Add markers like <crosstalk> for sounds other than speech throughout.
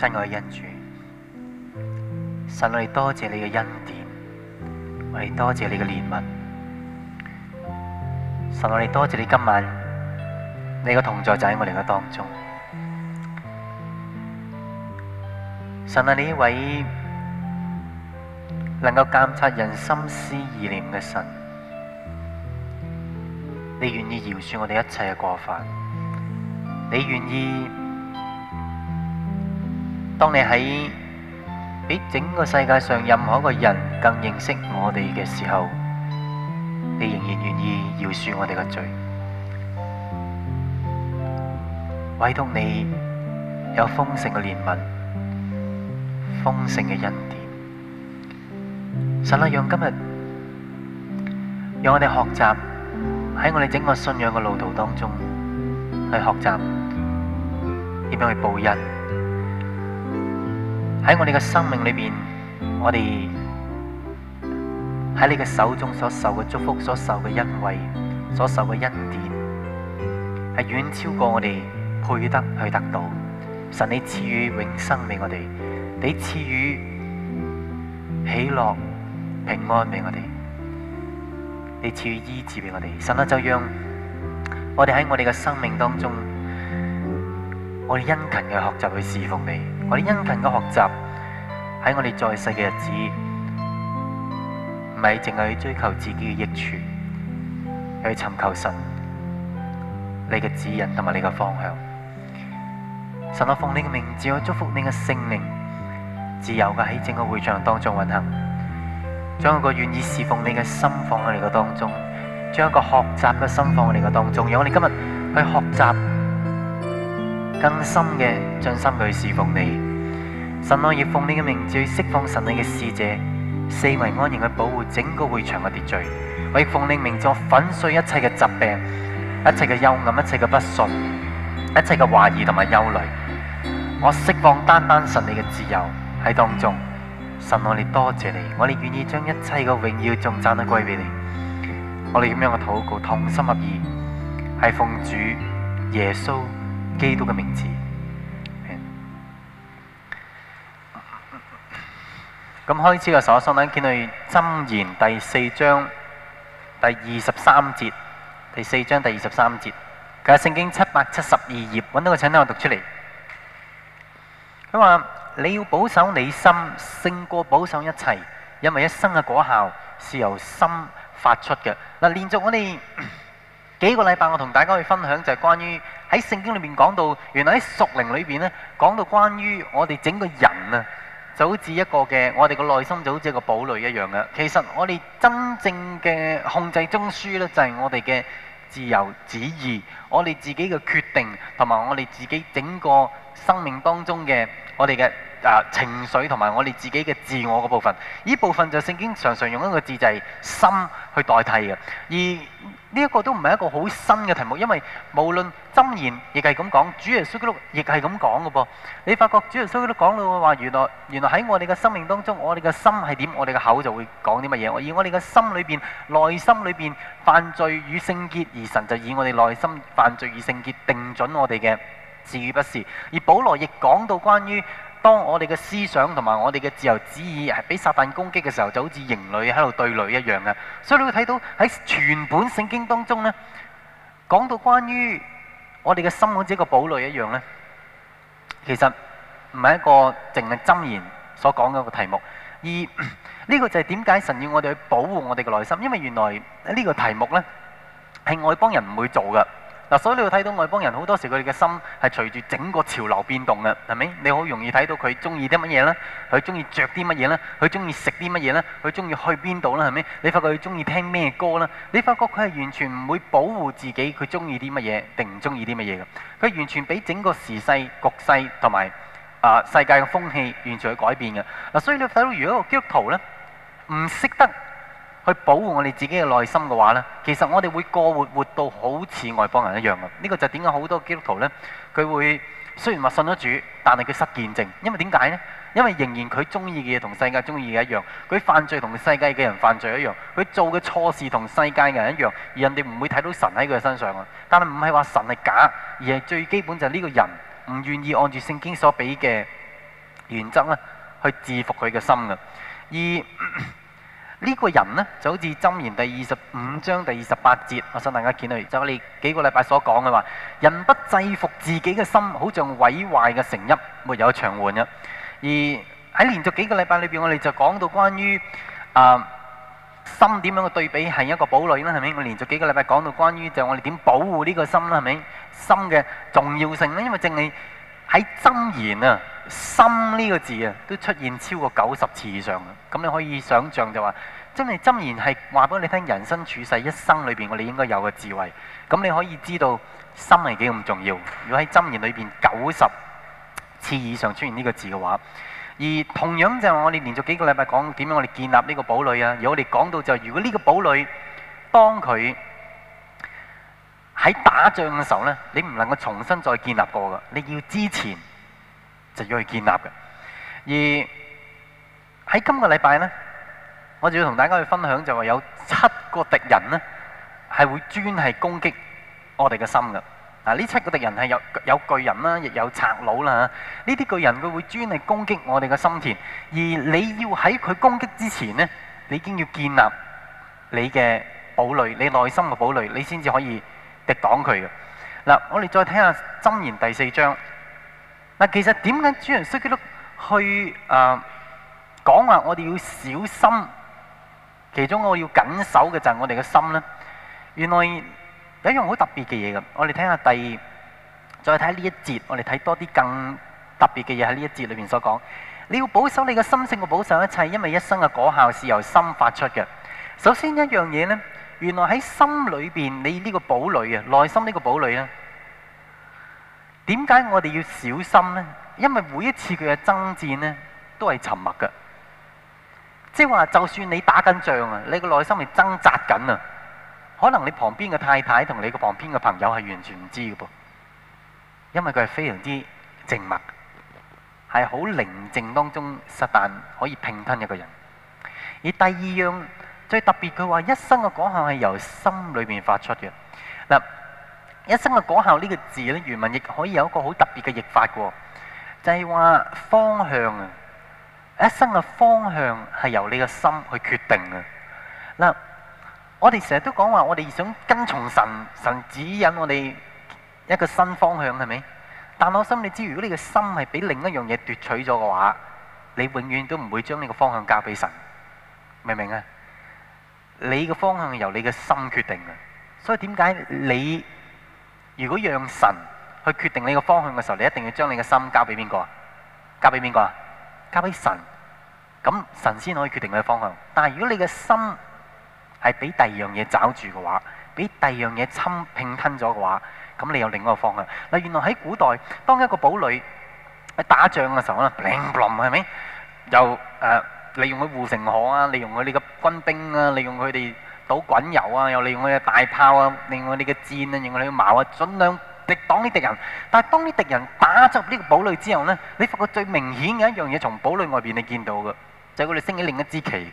親愛的恩主，神，我哋多謝你嘅恩典，我哋多謝你嘅憐憫，神，我哋多謝你今晚你個同在就喺我哋嘅當中，神啊，你呢位能夠鑒察人心思意念嘅神，你願意饒恕我哋一切嘅過犯，你願意。當你喺比整個世界上任何一個人更認識我哋嘅時候，你仍然願意饒恕我哋嘅罪，唯獨你有豐盛嘅憐憫、豐盛嘅恩典。神啊，讓今日讓我哋學習喺我哋整個信仰嘅路途當中，去學習點樣去報恩。喺我哋嘅生命裏邊，我哋喺你嘅手中所受嘅祝福、所受嘅恩惠、所受嘅恩典，係遠超過我哋配得去得到。神，你賜予永生俾我哋，你賜予喜樂、平安俾我哋，你賜予醫治俾我哋。神啊，就讓我哋喺我哋嘅生命當中，我哋殷勤嘅學習去侍奉你。的我哋殷勤嘅學習，喺我哋在世嘅日子，唔係淨係去追求自己嘅益處，去尋求神你嘅指引同埋你嘅方向。神，我奉你嘅名字去祝福你嘅聖靈自由嘅喺整個會場當中運行，將一個願意侍奉你嘅心放喺你嘅當中，將一個學習嘅心放喺你嘅當中，讓我哋今日去學習更深嘅。盡心去侍奉你，神，我亦奉你嘅名字去釋放神你嘅使者，四圍安然去保護整個會場嘅秩序。我奉你名字粉碎一切嘅疾病，一切嘅幽暗，一切嘅不信，一切嘅懷疑同埋憂慮。我釋放單單神你嘅自由喺當中。神，我哋多謝你，我哋願意將一切嘅榮耀仲讚得歸俾你。我哋咁樣嘅禱告，同心合意，係奉主耶穌基督嘅名字。咁開始嘅時候，我諗見到箴言第四章第二十三節，第四章第二十三節，喺《聖經》七百七十二頁揾到個請單，我讀出嚟。佢話：你要保守你心，勝過保守一切，因為一生嘅果效是由心發出嘅。嗱，連續我哋幾個禮拜，我同大家去分享就係關於喺聖經裏面講到，原來喺屬靈裏面呢，講到關於我哋整個人啊。就好似一個嘅，我哋個內心就好似一個堡壘一樣嘅。其實我哋真正嘅控制中樞咧，就係我哋嘅自由旨意，我哋自己嘅決定，同埋我哋自己整個生命當中嘅我哋嘅。情緒同埋我哋自己嘅自我嗰部分，呢部分就聖經常常用一個字就係心去代替嘅。而呢一個都唔係一個好新嘅題目，因為無論箴言亦係咁講，主耶穌亦係咁講嘅噃。你發覺主耶穌基督講到話，原來原來喺我哋嘅生命當中，我哋嘅心係點，我哋嘅口就會講啲乜嘢。而我哋嘅心裏邊、內心裏邊犯罪與聖潔，而神就以我哋內心犯罪與聖潔定準我哋嘅是與不是。而保羅亦講到關於。當我哋嘅思想同埋我哋嘅自由旨意係俾撒旦攻擊嘅時候，就好似營壘喺度對壘一樣嘅。所以你會睇到喺全本聖經當中呢，講到關於我哋嘅心好似一個堡壘一樣呢，其實唔係一個淨係箴言所講嘅一個題目。而呢個就係點解神要我哋去保護我哋嘅內心，因為原來呢個題目呢，係外邦人唔會做嘅。嗱，所以你會睇到外邦人好多時佢哋嘅心係隨住整個潮流變動嘅，係咪？你好容易睇到佢中意啲乜嘢咧？佢中意着啲乜嘢咧？佢中意食啲乜嘢咧？佢中意去邊度咧？係咪？你發覺佢中意聽咩歌咧？你發覺佢係完全唔會保護自己，他喜歡什麼，佢中意啲乜嘢定唔中意啲乜嘢嘅？佢完全俾整個時勢、局勢同埋啊世界嘅風氣完全去改變嘅。嗱，所以你睇到如果個基督徒咧唔識得去保護我哋自己嘅內心嘅話呢，其實我哋會過活活到好似外邦人一樣嘅。呢個就點解好多基督徒呢？佢會雖然話信得主，但係佢失見證，因為點解呢？因為仍然佢中意嘅嘢同世界中意嘅一樣，佢犯罪同世界嘅人犯罪一樣，佢做嘅錯事同世界嘅人一樣，而人哋唔會睇到神喺佢身上，但係唔係話神係假，而係最基本就係呢個人唔願意按住聖經所俾嘅原則呢，去制服佢嘅心嘅。而呢、這個人呢就好似箴言第二十五章第二十八節，我想大家見到，就我哋幾個禮拜所講嘅話，人不制服自己嘅心，好像毀壞嘅城邑，沒有牆垣嘅。而喺連續幾個禮拜裏邊，我哋就講到關於、呃、心點樣嘅對比，係一個堡壘啦，係咪？我哋連續幾個禮拜講到關於就是我哋點保護呢個心啦，係咪？心嘅重要性呢，因為正係喺箴言啊。心呢個字啊，都出現超過九十次以上啊！咁你可以想象就話，真係《箴言》係話俾你聽，人生處世一生裏面我哋應該有嘅智慧。咁你可以知道心係幾咁重要。如果喺《箴言》裏面九十次以上出現呢個字嘅話，而同樣就係我哋連續幾個禮拜講點樣我哋建立呢個堡壘啊。如果我哋講到就係，如果呢個堡壘當佢喺打仗嘅時候呢，你唔能夠重新再建立過嘅，你要之前。就要去建立嘅。而喺今個禮拜呢，我就要同大家去分享，就話有七個敵人呢係會專係攻擊我哋嘅心嘅。嗱、啊，呢七個敵人係有有巨人啦，亦有賊佬啦。呢啲巨人佢會專係攻擊我哋嘅心田。而你要喺佢攻擊之前呢，你已經要建立你嘅堡壘，你內心嘅堡壘，你先至可以抵擋佢嘅。嗱、啊，我哋再睇下《箴言》第四章。嗱，其實點解主耶穌佢都去誒講、呃、話我哋要小心，其中我要緊守嘅就係我哋嘅心呢，原來有一樣好特別嘅嘢嘅，我哋睇下第二，再睇呢一節，我哋睇多啲更特別嘅嘢喺呢一節裏面所講。你要保守你嘅心勝過保守一切，因為一生嘅果效是由心發出嘅。首先一樣嘢呢，原來喺心裏邊你呢個堡壘啊，內心呢個堡壘咧。點解我哋要小心呢？因為每一次佢嘅爭戰呢，都係沉默嘅。即係話，就算你打緊仗啊，你個內心係掙扎緊啊，可能你旁邊嘅太太同你嘅旁邊嘅朋友係完全唔知嘅噃。因為佢係非常之靜默，係好寧靜當中實在可以併吞一個人。而第二樣最特別，佢話一生嘅果效係由心裏面發出嘅嗱。一生嘅果效，呢個字呢，原文亦可以有一個好特別嘅譯法，就係話方向啊，一生嘅方向係由你個心去決定啊。嗱，我哋成日都講話，我哋想跟從神，神指引我哋一個新方向係咪？但我心你知，如果你個心係俾另一樣嘢奪取咗嘅話，你永遠都唔會將呢個方向交俾神，明唔明啊？你嘅方向係由你嘅心決定啊，所以點解你？如果讓神去決定你個方向嘅時候，你一定要將你嘅心交俾邊個？交俾邊個啊？交俾神，咁神先可以決定你嘅方向。但係如果你嘅心係俾第二樣嘢罩住嘅話，俾第二樣嘢侵並吞咗嘅話，咁你有另一個方向。嗱，原來喺古代，當一個堡壘喺打仗嘅時候啦 b o o 係咪？又誒、呃，利用佢護城河啊，利用佢呢個軍兵啊，利用佢哋。倒滾油啊！又利用我哋大炮啊，另外我哋嘅箭啊，利用我哋嘅矛啊，盡量敵擋啲敵人。但係當啲敵人打進呢個堡壘之後呢，你發覺最明顯嘅一樣嘢，從堡壘外邊你見到嘅，就係佢哋升起另一支旗，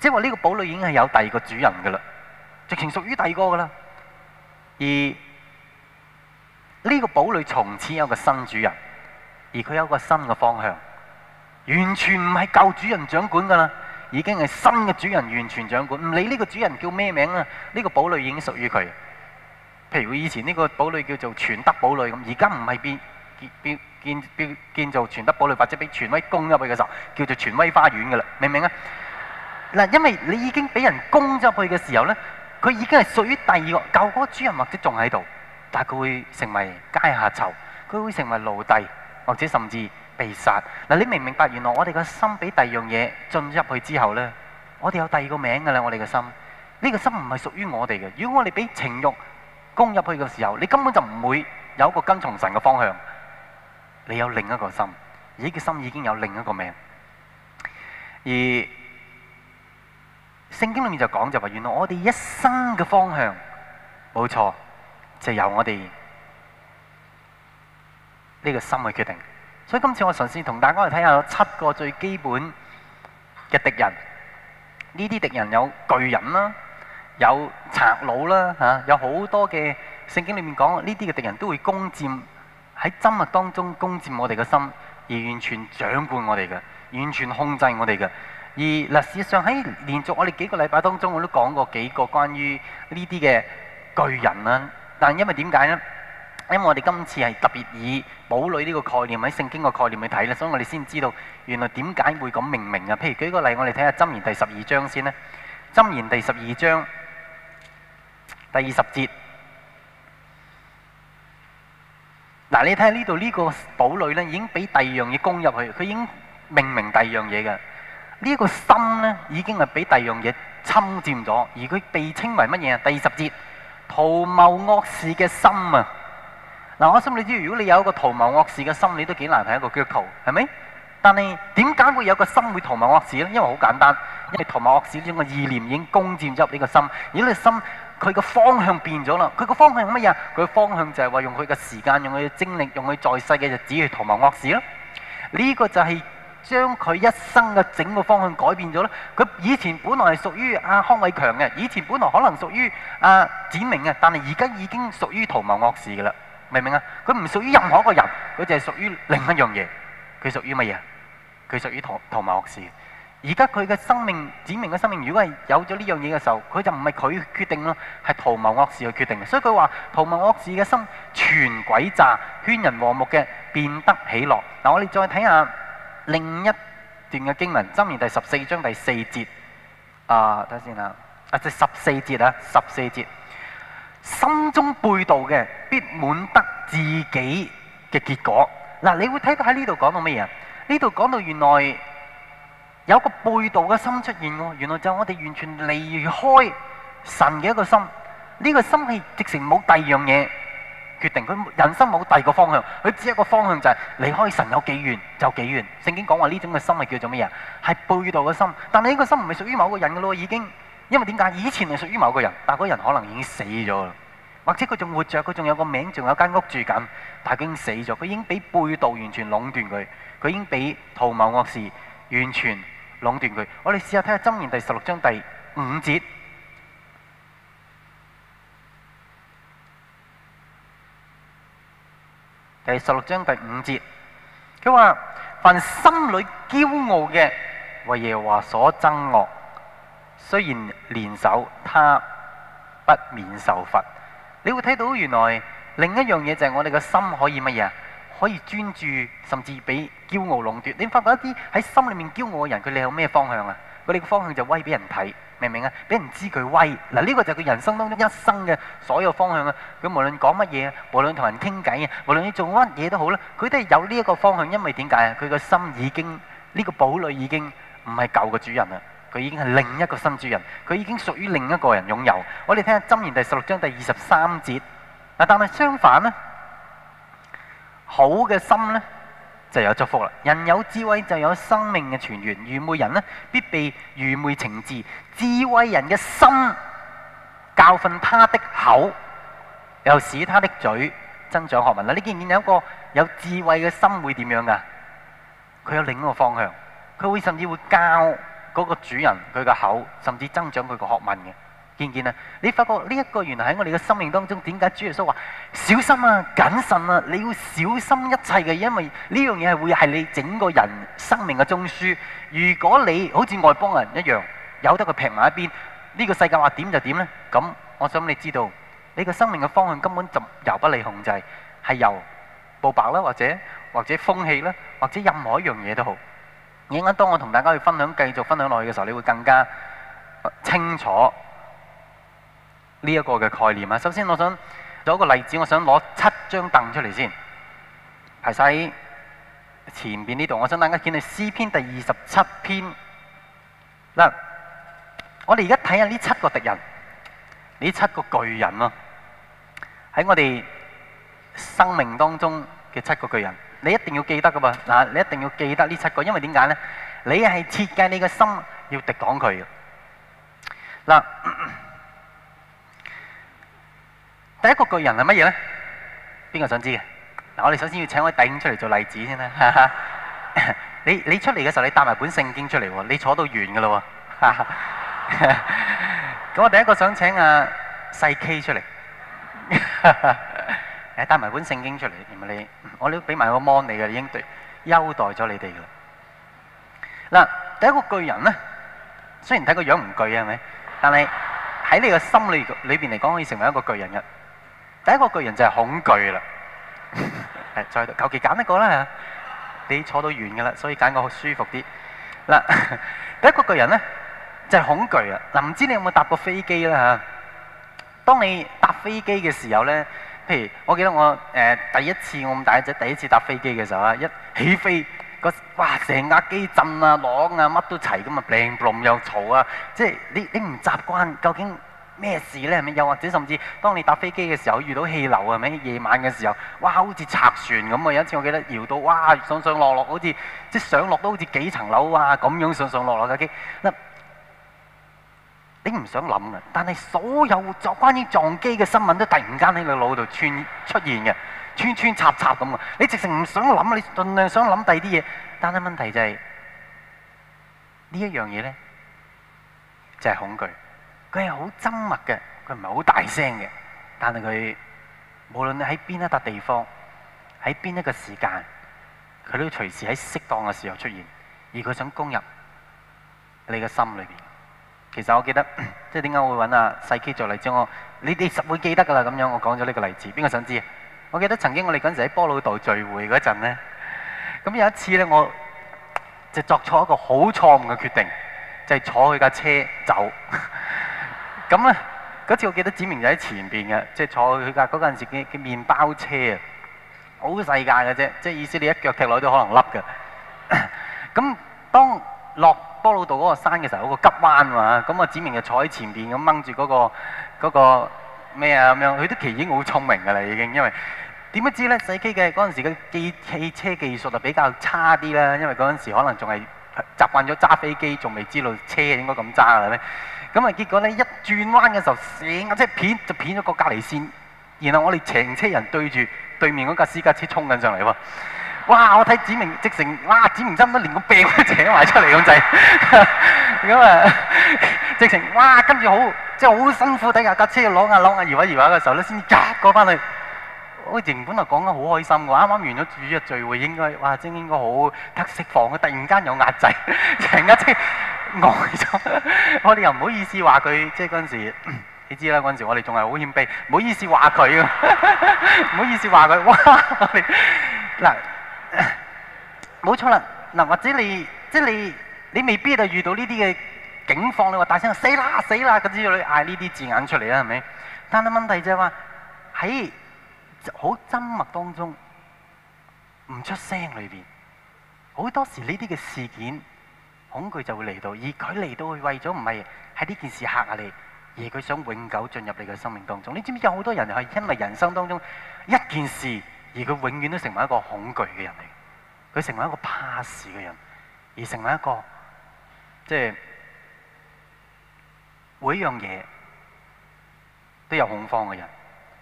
即係話呢個堡壘已經係有第二個主人㗎啦，直情屬於第二個㗎啦。而呢個堡壘從此有個新主人，而佢有個新嘅方向，完全唔係舊主人掌管㗎啦。已經係新嘅主人完全掌管，唔理呢個主人叫咩名啊，呢個堡壘已經屬於佢。譬如以前呢個堡壘叫做全德堡壘咁，而家唔係變建建建做全德堡壘，或者俾全威攻入去嘅時候，叫做全威花園嘅啦，明唔明啊？嗱，因為你已經俾人攻入去嘅時候咧，佢已經係屬於第二個舊嗰個主人或者仲喺度，但係佢會成為階下囚，佢會成為奴隸，或者甚至，被殺嗱，你明唔明白？原來我哋個心俾第二樣嘢進入去之後呢，我哋有第二個名噶啦。我哋個心呢個心唔係屬於我哋嘅。如果我哋俾情欲攻入去嘅時候，你根本就唔會有一個跟從神嘅方向。你有另一個心，而呢個心已經有另一個名。而聖經裡面就講就話，原來我哋一生嘅方向，冇錯，就由我哋呢個心去決定。所以今次我嘗試同大家去睇下有七個最基本嘅敵人，呢啲敵人有巨人啦，有賊佬啦嚇，有好多嘅聖經裏面講，呢啲嘅敵人都會攻佔喺針密當中攻佔我哋嘅心，而完全掌管我哋嘅，完全控制我哋嘅。而事實上喺連續我哋幾個禮拜當中，我都講過幾個關於呢啲嘅巨人啦。但因為點解呢？因為我哋今次係特別以堡壘呢個概念喺聖經個概念去睇啦，所以我哋先知道原來點解會咁命名啊？譬如舉個例，我哋睇下箴言第十二章先咧。箴言第十二章第二十節，嗱你睇下呢度呢個堡壘咧，已經俾第二樣嘢攻入去，佢已經命名第二樣嘢嘅。呢、這個心咧已經係俾第二樣嘢侵占咗，而佢被稱為乜嘢啊？第二十節，圖謀惡事嘅心啊！嗱，我心裡知，如果你有一個圖謀惡事嘅心理，都幾難係一個腳步，係咪？但係點解會有個心會圖謀惡事呢？因為好簡單，因為圖謀惡事呢種嘅意念已經攻佔咗入呢個心，如果你的心佢個方向變咗啦。佢個方向係乜嘢？佢個方向就係話用佢嘅時間、用佢嘅精力、用佢在世嘅日子去圖謀惡事啦。呢個就係將佢一生嘅整個方向改變咗啦。佢以前本來係屬於阿康偉強嘅，以前本來可能屬於阿展明嘅，但係而家已經屬於圖謀惡事嘅啦。明唔明啊？佢唔屬於任何一個人，佢就係屬於另一樣嘢。佢屬於乜嘢？佢屬於圖圖謀惡事。而家佢嘅生命，指明嘅生命，如果係有咗呢樣嘢嘅時候，佢就唔係佢決定咯，係圖謀惡事嘅決定。所以佢話：圖謀惡事嘅心全詭詐，勸人和睦嘅變得喜樂。嗱，我哋再睇下另一段嘅經文，箴言第十四章第四節。啊，睇先啦，啊，即係十四節啊，十四節。心中背道嘅，必滿得自己嘅結果。嗱，你會睇到喺呢度講到乜嘢？呢度講到原來有個背道嘅心出現。原來就係我哋完全離開神嘅一個心。呢、這個心係直情冇第二樣嘢決定佢人生，冇第二個方向。佢只有一個方向，就係離開神有幾遠就幾遠。聖經講話呢種嘅心係叫做乜嘢？係背道嘅心。但係呢個心唔係屬於某個人嘅咯，已經。因為點解？以前係屬於某個人，但嗰人可能已經死咗啦，或者佢仲活着，佢仲有個名，仲有間屋住緊，但係佢已經死咗，佢已經俾背道完全壟斷佢，佢已經俾圖謀惡事完全壟斷佢。我哋試下睇下《箴言》第十六章第五節，第十六章第五節，佢話凡心裏驕傲嘅，為耶和華所憎惡。雖然連手，他不免受罰。你會睇到原來另一樣嘢就係我哋個心可以乜嘢啊？可以專注，甚至俾驕傲壟斷。你發覺一啲喺心裏面驕傲嘅人，佢哋有咩方向啊？佢哋個方向就威俾人睇，明唔明啊？俾人知佢威。嗱，呢個就係佢人生當中一生嘅所有方向啊！佢無論講乜嘢，無論同人傾偈啊，無論你做乜嘢都好啦，佢都係有呢一個方向，因為點解啊？佢個心已經呢、呢個堡壘已經唔係舊嘅主人啦。佢已經係另一個新主人，佢已經屬於另一個人擁有。我哋聽下《箴言》第十六章第二十三節。嗱，但係相反呢，好嘅心呢就有祝福啦。人有智慧就有生命嘅泉源。愚昧人呢，必被愚昧懲治。智慧人嘅心教訓他的口，又使他的嘴增長學問。你見唔見有一個有智慧嘅心會點樣噶？佢有另一個方向，佢會甚至會教。嗰個主人佢個口，甚至增長佢個學問嘅，見見啊？你發覺呢一個原來喺我哋嘅生命當中，點解主耶穌話小心啊、謹慎啊？你要小心一切嘅，因為呢樣嘢係會係你整個人生命嘅中樞。如果你好似外邦人一樣，由得佢撇埋一邊，呢個世界話點就點呢？咁我想你知道，你個生命嘅方向根本就由不利控制，係由暴白啦，或者或者風氣啦，或者任何一樣嘢都好。而家當我同大家去分享、繼續分享落去嘅時候，你會更加清楚呢一個嘅概念啊！首先，我想做一個例子，我想攞七張凳出嚟先，排曬前面呢度。我想大家見到《詩篇》第二十七篇。嗱，我哋而家睇下呢七個敵人，呢七個巨人咯，喺我哋生命當中嘅七個巨人。你一定要記得噶嘛，嗱，你一定要記得呢七個，因為點解呢？你係設計你嘅心要敵擋佢嘅。嗱，第一個巨人係乜嘢呢？邊個想知嘅嗱？我哋首先要請位弟兄出嚟做例子先啦。你，你出嚟嘅時候，你帶埋本聖經出嚟喎，你坐到完噶啦喎。咁我第一個想請阿細 K 出嚟。誒，帶埋本聖經出嚟，唔係你，我都俾埋個 mon 你嘅，你已經對優待咗你哋啦。嗱，第一個巨人咧，雖然睇個樣唔巨，係咪？但係喺你嘅心裏裏邊嚟講，可以成為一個巨人嘅。第一個巨人就係恐懼啦。誒， <laughs> 再求其揀一個啦吓，你坐到遠噶啦，所以揀個好舒服啲。嗱，第一個巨人咧就係、是、恐懼啊。嗱，唔知你有冇搭過飛機啦吓？當你搭飛機嘅時候咧。譬如我記得我誒、呃、第一次我咁大隻第一次搭飛機嘅時候啊，一起飛，哇整個哇成架機震啊啷啊乜都齊咁啊，凌亂又嘈啊，即係你你唔習慣，究竟咩事呢？係咪？又或者甚至當你搭飛機嘅時候遇到氣流係咪？夜晚嘅時候哇好似拆船咁啊！有一次我記得搖到哇上上落落，好似即係上落都好似幾層樓啊咁樣上上落落架機。你唔想諗啊，但係所有就關於撞機嘅新聞都突然間喺你腦度穿出現嘅，穿穿插插咁啊！你直情唔想諗，你盡量想諗第二啲嘢，但係問題就係呢一樣嘢咧，就係恐懼。佢係好精密嘅，佢唔係好大聲嘅，但係佢無論你喺邊一笪地方，喺邊一個時間，佢都隨時喺適當嘅時候出現，而佢想攻入你嘅心裏邊。其實我記得，即係點解會揾阿細 K 做例子？我你你實會記得㗎啦，咁樣我講咗呢個例子。邊個想知？我記得曾經我哋嗰陣時喺波老道聚會嗰陣咧，咁有一次咧，我就作錯一個好錯誤嘅決定，就係坐佢架車走。咁啊，嗰次我記得子明就喺前邊嘅，即係坐佢架嗰陣時嘅嘅麪包車啊，好細架嘅啫，即係意思你一腳踢落都可能凹㗎。咁當落波老道嗰個山嘅時候，有個急彎嘛，咁啊，指明就坐喺前邊咁掹住嗰個、嗰個咩啊咁樣，佢都其實已經好聰明噶啦，已經因為點不知道呢，細機嘅嗰陣時嘅機汽車技術就比較差啲啦，因為嗰陣時可能仲係習慣咗揸飛機，仲未知道車應該咁揸咧，咁啊結果呢，一轉彎嘅時候，成個車片就片咗個隔離線，然後我哋成車人對住對面嗰架私家車衝緊上嚟喎。哇！我睇指明直情，哇！指明針都連個病都請埋出嚟咁滯，咁啊，直情哇！跟住好，即係好辛苦，底下架車攞啊攞啊搖啊搖啊嘅時候，咧先至夾過翻去。我原本啊講得好開心嘅，啱啱完咗主日聚會，應該哇，真應該好得釋放嘅，突然間有壓滯，成架車呆咗。我哋又唔好意思話佢，即係嗰陣時，你知啦，嗰陣時我哋仲係好謙卑，唔好意思話佢，唔好意思話佢，哇！嗱。冇 <laughs> 錯啦，嗱，或者你即係你，你未必就遇到呢啲嘅境況，你話大聲死啦死啦咁，要你嗌呢啲字眼出嚟啦，係咪？但係問題就係話喺好沉默當中，唔出聲音裏邊，好多時呢啲嘅事件恐懼就會嚟到，而佢嚟到去為咗唔係喺呢件事吓下你，而佢想永久進入你嘅生命當中。你知唔知有好多人係因為人生當中一件事？而佢永遠都成為一個恐懼嘅人嚟，佢成為一個怕事嘅人，而成為一個即係每一樣嘢都有恐慌嘅人。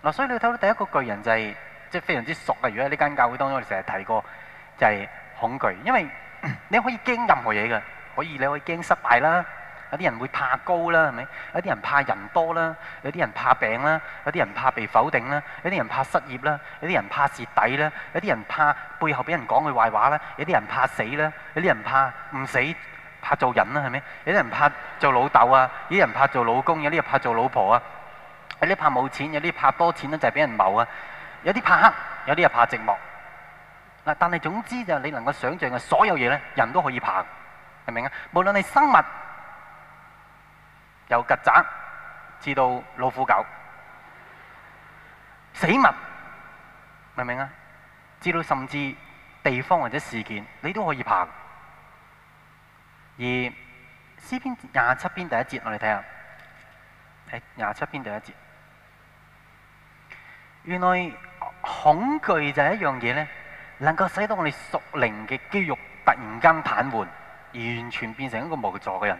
嗱，所以你睇到第一個巨人就係即係非常之熟嘅，如果喺呢間教會當中，我哋成日提過就係恐懼，因為你可以驚任何嘢嘅，可以你可以驚失敗啦。有啲人會怕高啦，係咪？有啲人怕人多啦，有啲人怕病啦，有啲人怕被否定啦，有啲人怕失業啦，有啲人怕蝕底啦，有啲人怕背後俾人講佢壞話啦，有啲人怕死啦，有啲人怕唔死怕做人啦，係咪？有啲人怕做老豆啊，有啲人怕做老公，有啲又怕做老婆啊，有啲怕冇錢，有啲怕多錢就係俾人謀啊，有啲怕黑，有啲又怕寂寞。嗱，但係總之就你能夠想象嘅所有嘢咧，人都可以怕，明唔明啊？無論你生物。由曱甴至到老虎狗，死物明唔明啊？至到甚至地方或者事件，你都可以怕。而詩篇廿七篇第一節，我哋睇下，係廿七篇第一節。原來恐懼就係一樣嘢咧，能夠使到我哋熟練嘅肌肉突然間癱瘓，而完全變成一個無助嘅人。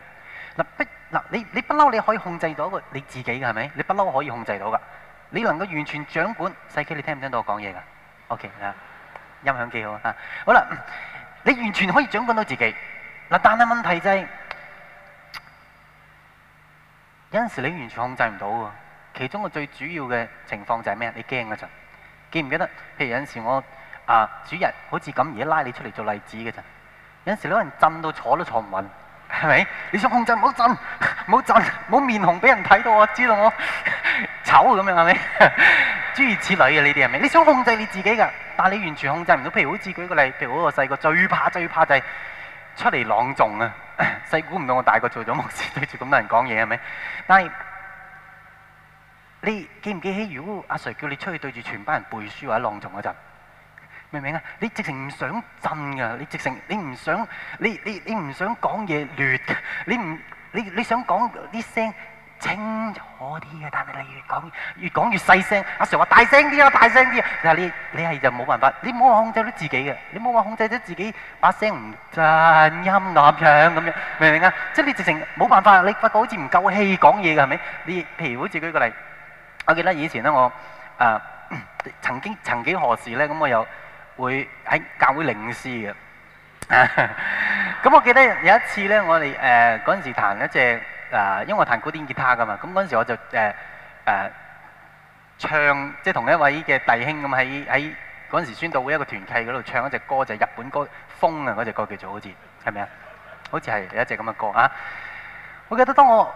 嗱，你你不嬲你可以控制到個你自己嘅係咪？你不嬲可以控制到㗎，你能夠完全掌管世 K，你聽唔聽到我講嘢㗎？OK 啊，音響幾好啊，好啦，你完全可以掌管到自己。嗱，但係問題就係、是、有陣時你完全控制唔到喎。其中個最主要嘅情況就係咩？你驚嗰陣，記唔記得？譬如有陣時我啊，主人好似咁而家拉你出嚟做例子嘅陣，有陣時嗰個人震到坐都坐唔穩。係咪？你想控制唔好震？唔好震？冇面紅俾人睇到，啊，知道我醜咁樣係咪？ <laughs> 是不是 <laughs> 諸如此類啊，呢啲係咪？你想控制你自己噶，但係你完全控制唔到。譬如好似舉個例，譬如我個細個最怕最怕就係出嚟朗誦啊！細估唔到我大個做咗牧師，對住咁多人講嘢係咪？但係你記唔記起，如果阿 Sir 叫你出去對住全班人背書或者朗誦嗰陣？明唔明啊？你直情唔想震噶，你直情你唔想你你你唔想講嘢劣，你唔你你想講啲聲清楚啲嘅，但係你越講越講越細聲。阿 Sir 話大聲啲啊，大聲啲啊！但係，你你係就冇辦法，你冇話控制到自己嘅，你冇話控制到自己把聲唔震音壓強咁樣，明唔明啊？即係你直情冇辦法，你發覺好似唔夠氣講嘢㗎，係咪？你譬如好似舉個例，我記得以前咧，我誒曾經曾幾何時咧，咁我又。會喺教會領詩嘅，咁 <laughs> 我記得有一次咧，我哋誒嗰陣時彈一隻誒、呃，因為我彈古典吉他㗎嘛，咁嗰陣時我就誒誒、呃呃、唱，即、就、係、是、同一位嘅弟兄咁喺喺嗰陣時宣道會一個團契嗰度唱一隻歌，就係、是、日本歌風啊，嗰隻歌叫做好似係咪啊？好似係有一隻咁嘅歌啊！我記得當我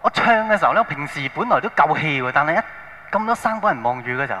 我唱嘅時候咧，我平時本來都夠氣喎，但係一咁多生鬼人望住嘅時候。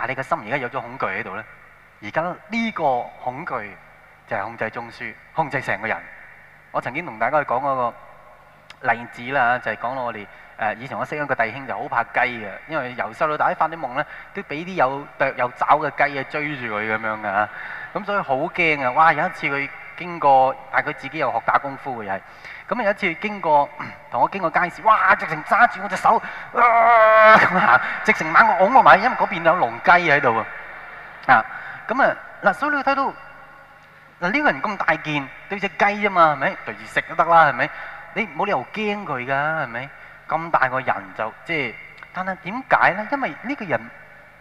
但係你個心而家有咗恐懼喺度呢？而家呢個恐懼就係控制中樞，控制成個人。我曾經同大家去講過個例子啦，就係、是、講到我哋、呃、以前我識一個弟兄就好怕雞嘅，因為由細到大發啲夢呢，都俾啲有腳有爪嘅雞啊追住佢咁樣嘅。咁所以好驚啊！哇，有一次佢經過，但佢自己又學打功夫嘅又係。咁有一次經過，同我經過街市，哇！直情揸住我隻手，咁行，直情掹我㧬我埋，因為嗰邊有龍雞喺度啊。啊，咁啊，嗱，所以你睇到嗱呢個人咁大件，對隻雞吖嘛，係咪對住食都得啦，係咪？你冇理由驚佢㗎，係咪？咁大個人就即係，但係點解咧？因為呢個人，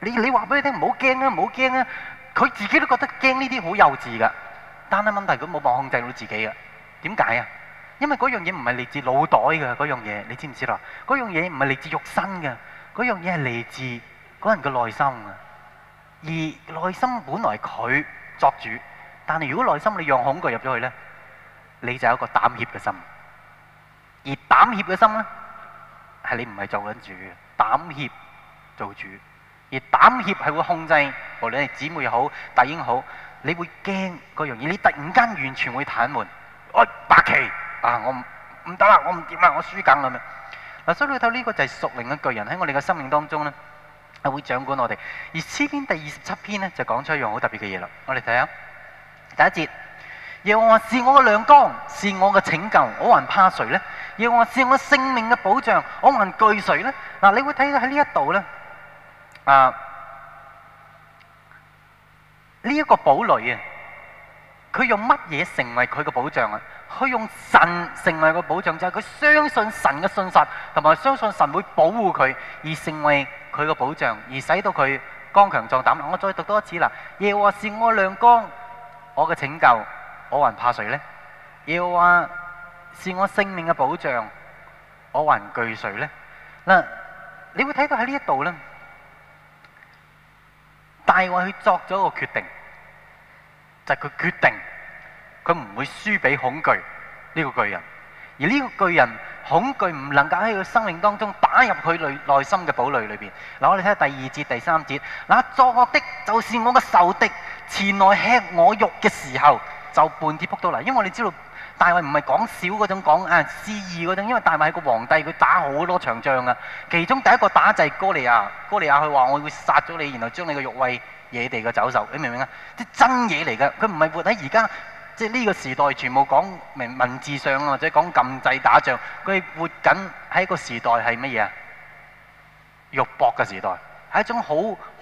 你你話俾佢聽，唔好驚啊，唔好驚啊，佢自己都覺得驚呢啲好幼稚㗎。但係問題佢冇辦法控制到自己㗎，點解啊？因為嗰樣嘢唔係嚟自腦袋嘅，嗰樣嘢你知唔知啦？嗰樣嘢唔係嚟自肉身嘅，嗰樣嘢係嚟自嗰人嘅內心啊。而內心本來係佢作主，但係如果內心你讓恐懼入咗去呢，你就有一個膽怯嘅心。而膽怯嘅心呢，係你唔係做緊主，膽怯做主。而膽怯係會控制，無論係姊妹又好、弟兄好，你會驚嗰樣嘢，你突然間完全會癱瘓。喂，白旗。啊！我唔唔得啦，我唔掂啦，我輸緊啦咪。嗱，所以你睇到呢個就係屬靈嘅巨人喺我哋嘅生命當中咧，係會掌管我哋。而詩篇第二十七篇咧就講出一樣好特別嘅嘢啦。我哋睇下第一節，耶和華是我嘅亮光，是我嘅拯救，我還怕誰咧？耶和華是我性命嘅保障，我還懼誰咧？嗱，你會睇到喺呢一度咧，啊，呢一個堡壘啊，佢用乜嘢成為佢嘅保障啊？佢用神成為個保障，就係、是、佢相信神嘅信實，同埋相信神會保護佢，而成為佢個保障，而使到佢剛強壯膽。我再讀多一次啦。耶和華是，我亮光，我嘅拯救，我還怕誰呢？耶和華是，我性命嘅保障，我還懼誰呢？嗱，你會睇到喺呢一度咧，大衛去作咗個決定，就係、是、佢決定。佢唔會輸俾恐懼呢，這個巨人，而呢個巨人恐懼唔能夠喺佢生命當中打入佢內內心嘅堡壘裏邊。嗱，我哋睇下第二節、第三節。嗱，作惡的就是我嘅仇敵，前來吃我肉嘅時候就絆跌撲到嚟。因為我哋知道大衛唔係講笑嗰種講啊詩意嗰種，因為大衛係個皇帝，佢打好多場仗啊。其中第一個打就係哥利亞，哥利亞佢話我會殺咗你，然後將你嘅肉餵野地嘅走獸。你明唔明啊？啲真嘢嚟㗎，佢唔係活喺而家。即係呢個時代，全部講文文字上，或者講禁制打仗，佢活緊喺個時代係乜嘢啊？肉搏嘅時代係一種好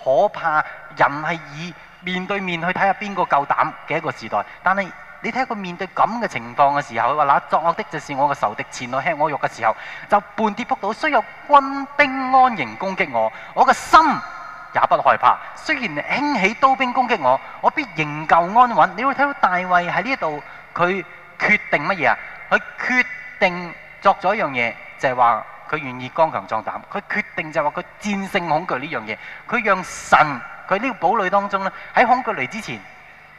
可怕，人係以面對面去睇下邊個夠膽嘅一個時代。但係你睇佢面對咁嘅情況嘅時候，佢話嗱，作惡的就是我個仇敵，前來吃我的肉嘅時候，就絆跌仆倒，雖有軍兵安營攻擊我，我個心，也不害怕，雖然興起刀兵攻擊我，我必仍舊安穩。你會睇到大衛喺呢度，佢決定乜嘢啊？佢決定作咗一樣嘢，就係話佢願意剛強壯膽。佢決定就係話佢戰勝恐懼呢樣嘢。佢讓神佢呢個堡壘當中咧，喺恐懼嚟之前，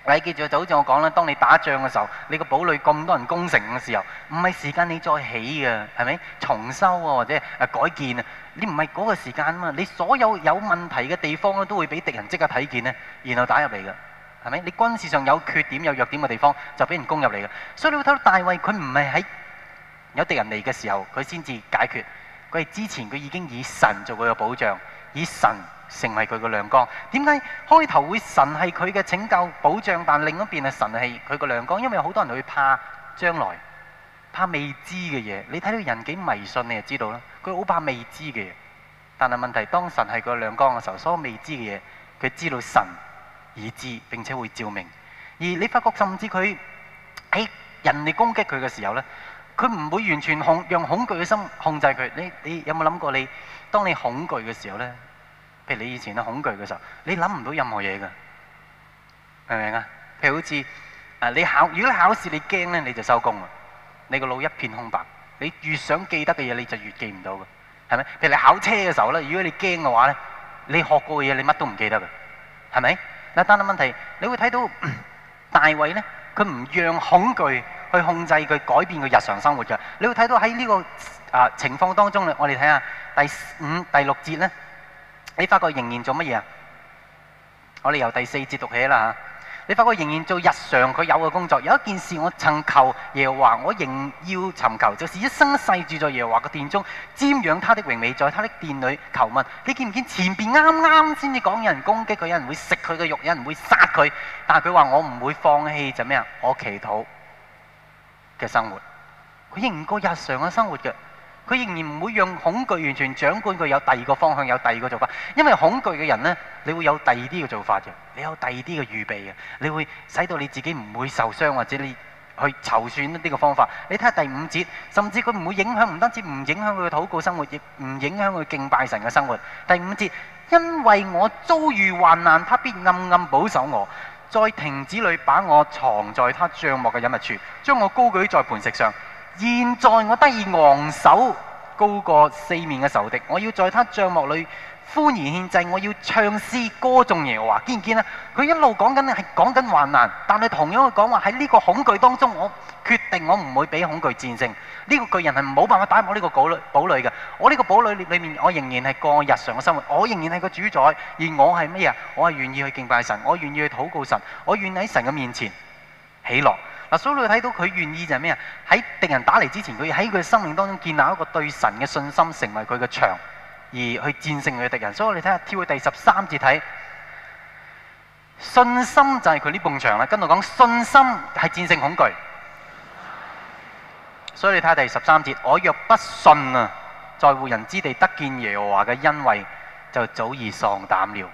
你記住，就好似我講啦，當你打仗嘅時候，你個堡壘咁多人攻城嘅時候，唔係時間你再起嘅，係咪重修啊，或者啊改建啊？你唔係嗰個時間啊嘛！你所有有問題嘅地方咧，都會俾敵人即刻睇見咧，然後打入嚟嘅，係咪？你軍事上有缺點、有弱點嘅地方，就俾人攻入嚟嘅。所以你會睇到大衛，佢唔係喺有敵人嚟嘅時候，佢先至解決。佢係之前，佢已經以神做佢嘅保障，以神成為佢嘅亮光。點解開頭會神係佢嘅拯救保障，但另一邊係神係佢嘅亮光？因為有好多人會怕將來，怕未知嘅嘢。你睇到人幾迷信，你就知道啦。佢好怕未知嘅嘢，但係問題是當神係個亮光嘅時候，所有未知嘅嘢佢知道神已知並且會照明。而你發覺甚至佢喺人哋攻擊佢嘅時候咧，佢唔會完全控用恐懼嘅心控制佢。你你，有冇諗過你當你恐懼嘅時候咧？譬如你以前啊，恐懼嘅時候，你諗唔到任何嘢㗎，明唔明啊？譬如好似啊，你考如果考試你驚咧，你就收工啦，你個腦一片空白。你越想記得嘅嘢，你就越記唔到嘅，係咪？譬如你考車嘅時候咧，如果你驚嘅話咧，你學過嘅嘢你乜都唔記得嘅，係咪？嗱，單單問題，你會睇到大衛咧，佢唔讓恐懼去控制佢改變佢日常生活㗎。你會睇到喺呢、這個啊、呃、情況當中咧，我哋睇下第五、第六節咧，你發覺仍然做乜嘢啊？我哋由第四節讀起啦嚇。啊。你發覺仍然做日常佢有嘅工作，有一件事我曾求耶華，我仍要尋求，就是一生世住在耶穌嘅殿中，瞻仰他的榮美，在他的殿裏求問。你見唔見前面啱啱先至講有人攻擊佢，有人會食佢嘅肉，有人會殺佢，但係佢話我唔會放棄，就咩、是、啊？我祈禱嘅生活，佢仍過日常嘅生活嘅。佢仍然唔會讓恐懼完全掌管佢，有第二個方向，有第二個做法。因為恐懼嘅人呢，你會有第二啲嘅做法嘅，你有第二啲嘅預備嘅，你會使到你自己唔會受傷，或者你去籌算呢個方法。你睇下第五節，甚至佢唔會影響，唔單止唔影響佢嘅禱告生活，亦唔影響佢敬拜神嘅生活。第五節，因為我遭遇患難，他必暗暗保守我，在亭子裏把我藏在他帳幕嘅隱密處，將我高舉在磐石上。現在我得以昂首，高過四面嘅仇敵。我要在他帳幕裏歡然獻祭，我要唱詩歌頌耶和華見見。見唔見啊？佢一路講緊係講緊患難，但係同樣去講話喺呢個恐懼當中，我決定我唔會俾恐懼戰勝。呢個巨人係冇辦法打我呢個堡壘堡壘嘅。我呢個堡壘裏面，我仍然係過我日常嘅生活，我仍然係個主宰，而我係咩啊？我係願意去敬拜神，我願意去禱告神，我願意喺神嘅面前喜樂。所以你睇到佢願意就係咩啊？喺敵人打嚟之前，佢喺佢生命當中建立一個對神嘅信心，成為佢嘅牆，而去戰勝佢嘅敵人。所以你睇下跳去第十三節睇，信心就係佢呢埲牆啦。跟住講信心係戰勝恐懼。所以你睇下第十三節，我若不信啊，在乎人之地得見耶和華嘅恩惠，就早已喪膽了。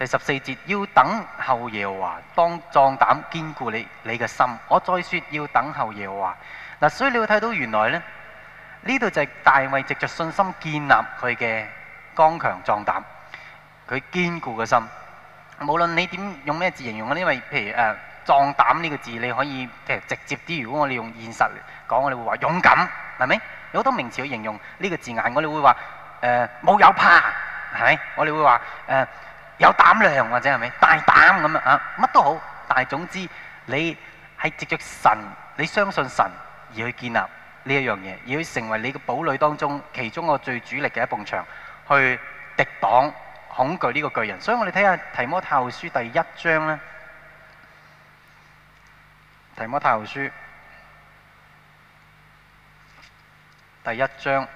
第十四節，要等候耶和華，當壯膽，堅固你你嘅心。我再說，要等候耶和華。嗱，所以你會睇到原來咧呢度就係大衛藉着信心建立佢嘅剛強壯膽，佢堅固嘅心。無論你點用咩字形容，因為譬如誒，壯膽呢個字，你可以直接啲。如果我哋用現實講，我哋會話勇敢係咪？有好多名詞去形容呢個字眼，我哋會話誒，冇有怕係咪？我哋會話誒。呃有膽量或者，係咪？大膽咁樣啊嚇，乜都好。但係總之，你係藉著神，你相信神而去建立呢一樣嘢，而去成為你嘅堡壘當中其中個最主力嘅一埲牆，去敵擋恐懼呢個巨人。所以我哋睇下《提摩太後書》第一章咧，《提摩太後書》第一章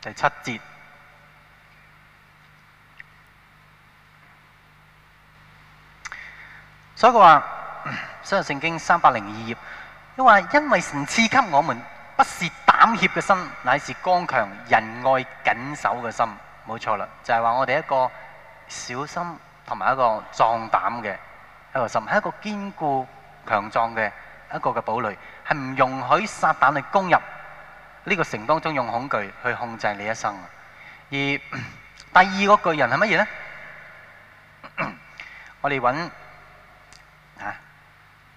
第七節。所以佢話：深入聖經三百零二頁，佢話因為神賜給我們不是膽怯嘅心，乃是剛強、仁愛、謹守嘅心。冇錯啦，就係話我哋一個小心同埋一個壯膽嘅一個心，係一個堅固、強壯嘅一個嘅堡壘，係唔容許撒但去攻入呢個城當中，用恐懼去控制你一生。而第二個巨人係乜嘢呢？我哋揾。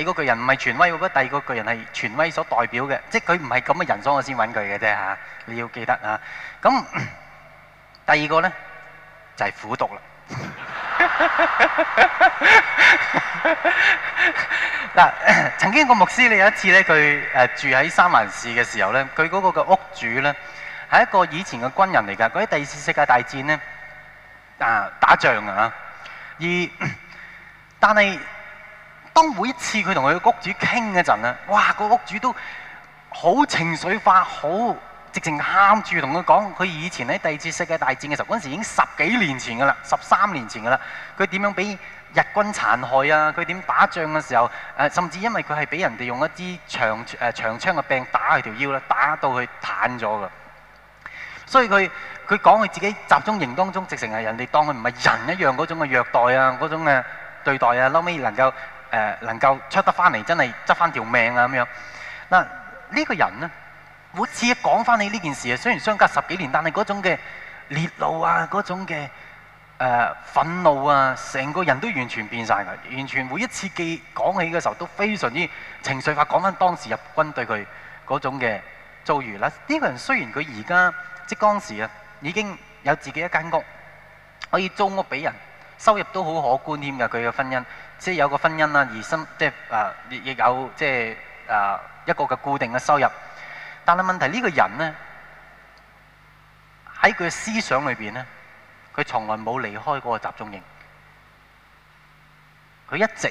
第，是第二個巨人唔係權威，我覺得第二個巨人係權威所代表嘅，即係佢唔係咁嘅人，所以我先揾佢嘅啫嚇。你要記得嚇。咁第二個咧就係苦毒啦。嗱 <laughs> <laughs> <laughs> 曾經個牧師你有一次咧，佢誒住喺三藩市嘅時候咧，佢嗰個嘅屋主咧係一個以前嘅軍人嚟㗎，嗰啲第二次世界大戰咧啊打仗啊，而但係。當每一次佢同佢屋主傾嗰陣啊，哇！個屋主都好情緒化，好直情喊住同佢講，佢以前喺第二次世界大戰嘅時候，嗰陣時已經十幾年前噶啦，十三年前噶啦，佢點樣俾日軍殘害啊，佢點打仗嘅時候，誒甚至因為佢係俾人哋用一支長誒、呃、長槍嘅柄打佢條腰咧，打到佢癱咗噶。所以佢佢講佢自己集中營當中直情係人哋當佢唔係人一樣嗰種嘅虐待啊，嗰種嘅對待啊，撈尾能夠。誒、呃、能夠出得翻嚟，真係執翻條命啊！咁樣嗱，呢、啊呢個人呢，每次講翻起呢件事啊，雖然相隔十幾年，但係嗰種嘅、烈怒、憤怒啊，嗰種嘅誒憤怒啊，成個人都完全變晒嘅，完全每一次記講起嘅時候都非常之情緒化，講翻當時入軍對佢嗰種嘅遭遇啦。呢、啊呢個人雖然佢而家即當時啊已經有自己一間屋，可以租屋俾人，收入都好可觀添嘅，佢嘅婚姻。即係有個婚姻啦，而身即係誒，亦、呃、有即係誒、呃、一個嘅固定嘅收入。但係問題呢、呢個人咧，喺佢嘅思想裏邊咧，佢從來冇離開嗰個集中營。佢一直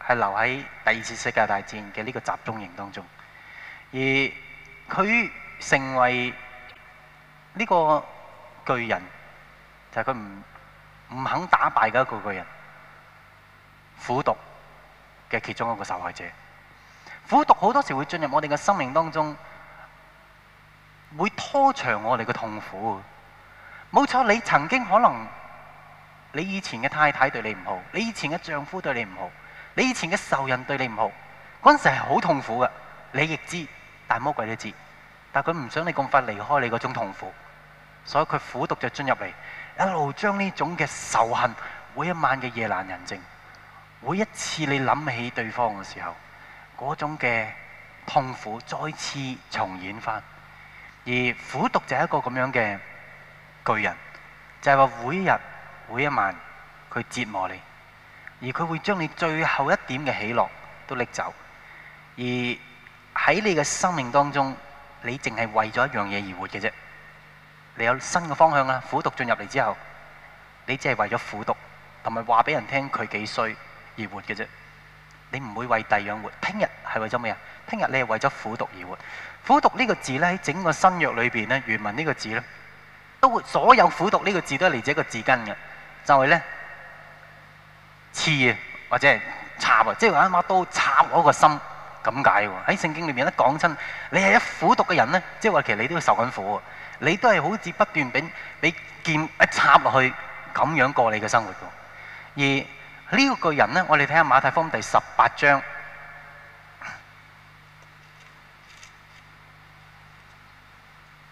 係留喺第二次世界大戰嘅呢個集中營當中，而佢成為呢個巨人，就係佢唔唔肯打敗嘅一個巨人。苦毒嘅其中一個受害者，苦毒好多時會進入我哋嘅生命當中，會拖長我哋嘅痛苦。冇錯，你曾經可能你以前嘅太太對你唔好，你以前嘅丈夫對你唔好，你以前嘅仇人對你唔好，嗰陣時係好痛苦㗎，你亦知，但魔鬼都知，但佢唔想你咁快離開你嗰種痛苦，所以佢苦毒就進入嚟，一路將呢種嘅仇恨每一晚嘅夜難人靜。每一次你諗起對方嘅時候，嗰種嘅痛苦再次重演翻。而苦毒就係一個咁樣嘅巨人，就係話每一日每一晚佢折磨你，而佢會將你最後一點嘅喜樂都拎走，而喺你嘅生命當中，你淨係為咗一樣嘢而活嘅啫，你有新嘅方向啦。苦毒進入嚟之後，你只係為咗苦毒，同埋話俾人聽佢幾衰。而活嘅啫，你唔會為第二樣活。聽日係為咗咩啊？聽日你係為咗苦毒而活。苦毒呢個字咧，喺整個新約裏邊咧，原文呢個字咧，都所有苦毒呢個字都係嚟自一個字根嘅，就係、是、咧刺啊或者係插啊，即係話拿刀插我個心咁解喎。喺、這個、聖經裏面咧講親，你係一苦毒嘅人咧，即係話其實你都受緊苦啊，你都係好似不斷俾俾劍一插落去咁樣過你嘅生活噶，而。呢、這個個人呢，我哋睇下馬太福音第十八章，